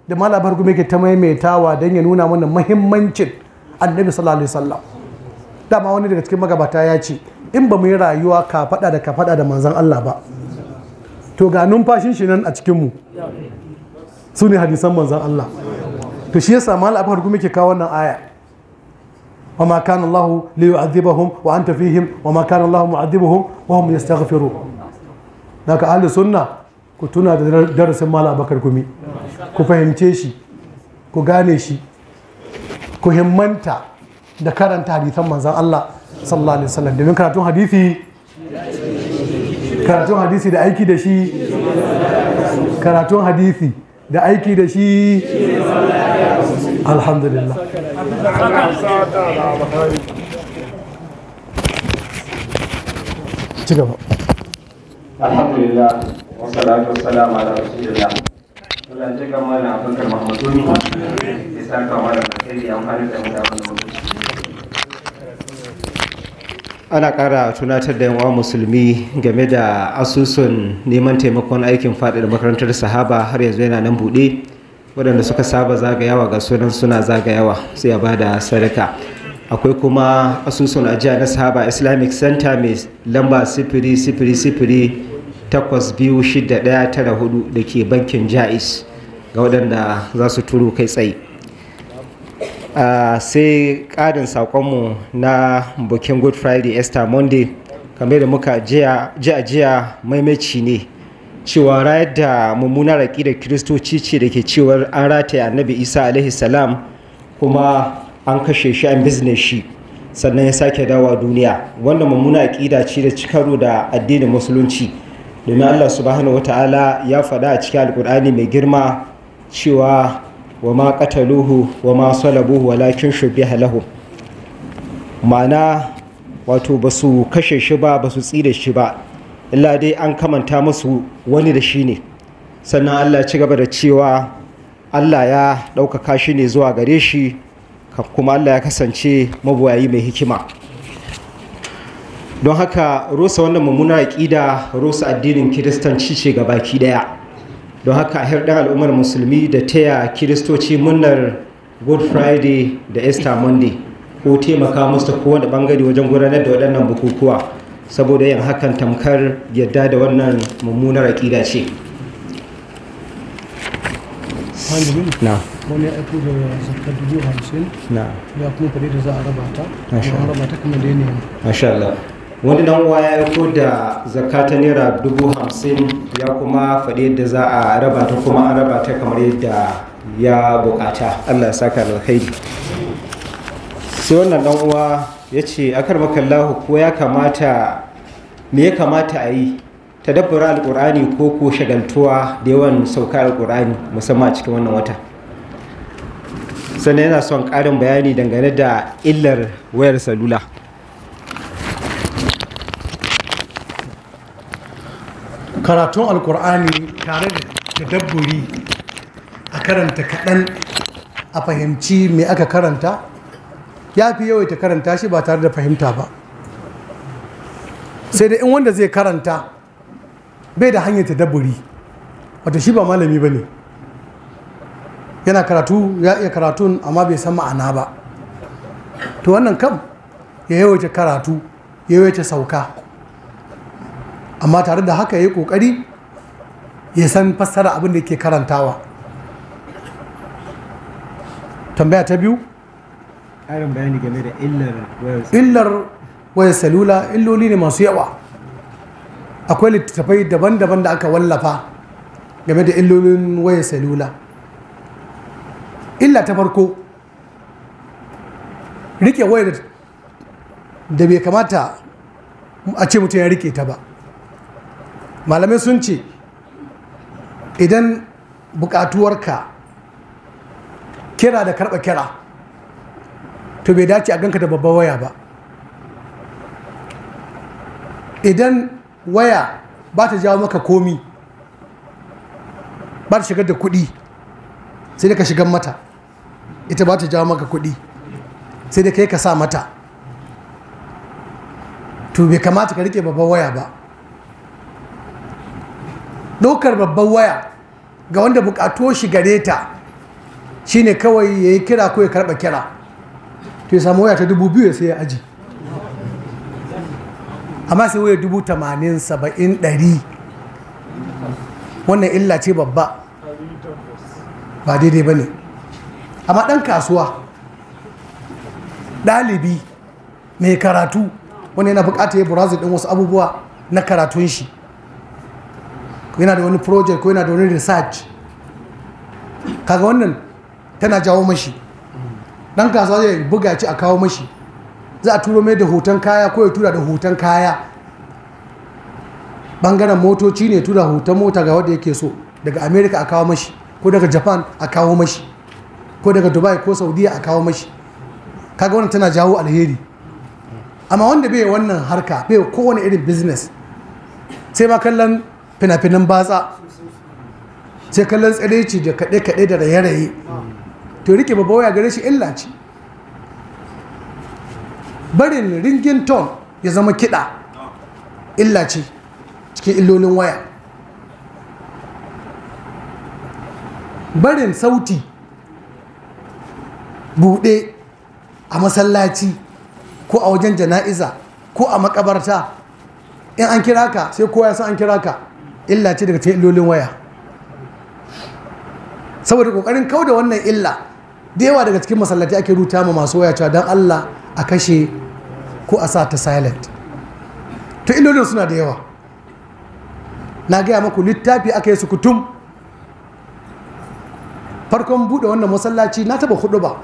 da malabar kuma ke ta maimaitawa don ya nuna mana mahimmancin annabi sallallahu alaihi wasallam dama wani daga cikin magabata ya ce in ba mu yi rayuwa ka faɗa da ka faɗa da manzan Allah ba to ga numfashin shi nan a cikin mu su ne hadisan manzan Allah to shi yasa malabar kuma ke kawo wannan aya Wa yu'adhibahum wa anta fihim wa ma kana Allah الله wa hum yastaghfirun daga ahli sunna ku tuna da darasin malam abakar gumi ku fahimce shi ku gane shi ku himmanta da karanta hadithan manzan Allah sallallahu alaihi wasallam domin karatun hadisi karatun hadisi da aiki da shi karatun hadisi da aiki da shi alhamdulillah ci gaba alhamdulillah ana ƙara tunatar da yawan musulmi game da asusun neman taimakon aikin faɗi da makarantar sahaba har yanzu yana nan buɗe waɗanda suka saba zagayawa ga sunan suna zagayawa sai ya ba da sadaka akwai kuma asusun ajiya na sahaba islamic center mai lamba sifiri sifiri sifiri takwas biyu shida ɗaya tara hudu da ke bankin jais ga waɗanda za su turo kai tsaye sai ƙarin saƙonmu na bukin good friday easter monday kamar da muka ji ajiya jiya maimaici ne cewa rayar da mummunar da kiristoci ce da ke cewar an rataya annabi isa alaihi salam kuma an kashe shi an bizne shi sannan ya sake dawa duniya wanda mummuna aƙida ce da cikaro da addinin musulunci domin Allah subhanahu wata'ala ya faɗa a cikin alkur'ani mai girma cewa wa ma qataluhu wa ma salabuhu walakin shubbiha lahu ma'ana wato ba su kashe shi ba ba su tsire shi ba illa dai an kamanta musu wani da shi ne sannan Allah ci gaba da cewa Allah ya ɗaukaka shi ne zuwa gare shi kuma Allah ya kasance mabuwayi mai hikima don haka rusa wannan mummuna aƙida rusa addinin kiristanci ce ga baki ɗaya don haka a hirɗin al'ummar musulmi da taya kiristoci munnar good friday da easter monday ko taimaka musu ta kowane bangare wajen gudanar da waɗannan bukukuwa saboda yin hakan tamkar yadda da wannan mummunar aƙida ce wani ya aiko da zakar dubu hamsin ya kuma fari da za a raba ta raba ta kuma da yanayin wani dan uwa ya aiko da zakka ta naira dubu hamsin ya kuma faɗi yadda za a raba ta kuma an raba ta kamar yadda ya bukata allah ya saka alkhairi sai wannan dan uwa ya ce akar makallahu ko ya kamata me ya kamata a yi tadabbura alkur'ani ko ko shagaltuwa da yawan sauka alkur'ani musamman a cikin wannan wata sannan yana son ƙarin bayani dangane da illar wayar salula karatun alkur'ani tare da dabburi a karanta kaɗan a fahimci me aka karanta ya fi yawaita karanta shi ba tare da fahimta ba sai da in wanda zai karanta bai da hanyar ta dabburi wata shi ba malami ba ne yana karatu ya iya karatun amma bai san ma'ana ba to wannan kam ya yawaita karatu ya yawaita sauka amma tare da haka ya yi kokari ya san fassara abin da ke karantawa tambaya ta biyu ƙarin bayani game da illar illar wayar salula illoli ne masu yawa akwai littattafai daban-daban da aka wallafa game da illolin wayar salula illa ta farko rike wayar da bai kamata a ce mutum ya rike ta ba malamai sun ce idan bukatuwarka kira da karɓa kira to bai dace a ganka da babban waya ba idan waya ba ta jawo maka komi ba ta shigar da kuɗi sai da ka shigar mata ita ba ta jawo maka kuɗi sai da kai ka sa mata to bai kamata ka rike babban waya ba ɗaukar babban waya ga wanda bukato shi gare ta ne kawai ya yi kira ko ya karɓa kira to ya samu waya ta dubu biyu ya sai ya aji amma sai waya dubu tamanin saba'in ɗari wannan illa ce babba ba daidai ba ne amma ɗan kasuwa ɗalibi mai karatu wani yana bukata ya burazi ɗin wasu abubuwa na karatun shi yana da wani project ko yana da wani research kaga wannan tana jawo mashi dan kasuwa zai buga ci a kawo mashi za a turo mai da hoton kaya ko ya tura da hoton kaya bangaren motoci ne tura hoton mota ga wanda yake so daga america a kawo mashi ko daga japan a kawo mashi ko daga dubai ko saudiya a kawo mashi kaga wannan tana jawo alheri amma wanda bai wannan harka bai kowane irin business sai ma kallon fina-finan batsa sai kallon tsiraici da kaɗe-kaɗe da raye-raye to rike babba waya gare shi illa ce barin ringin ton ya zama kiɗa illa ce cikin illolin waya barin sauti buɗe a masallaci ko a wajen jana'iza ko a makabarta in an kira ka sai kowa ya san an kira ka illa ce daga cikin illolin waya saboda kokarin kau da wannan illa da yawa daga cikin masallaci ake ruta ma masu waya cewa don allah a kashe ko a sa ta silent to illolin suna da yawa na gaya maku littafi aka yi su kutum farkon buɗe wannan masallaci na taba hudu ba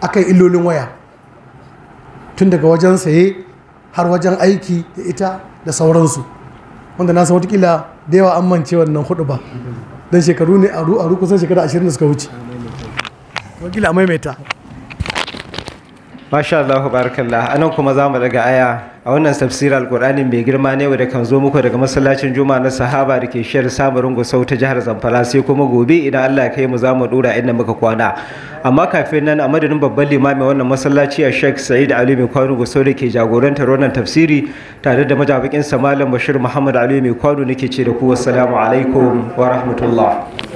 akan illolin waya tun daga wajen saye har wajen aiki da ita da sauransu wanda na san watakila da yawa an mance wannan hudu ba don shekaru ne a ruku kusan shekara ashirin da suka wuce wakila maimaita Masha Allah barakallah anan kuma za mu daga aya a wannan tafsir alkur'ani mai girma ne wanda kan zo muku daga masallacin juma'a na sahaba da ke shiyar samun gusau ta jihar zamfara sai kuma gobe idan Allah ya kai mu za mu dora inda muka kwana amma kafin nan a madadin babban limami wannan masallaci a Sheikh Sa'id Ali mai kwano gusau da ke jagorantar wannan tafsiri tare da majabakin sa Malam Bashir Muhammad Ali mai kwano nake ce da ku assalamu alaikum wa rahmatullah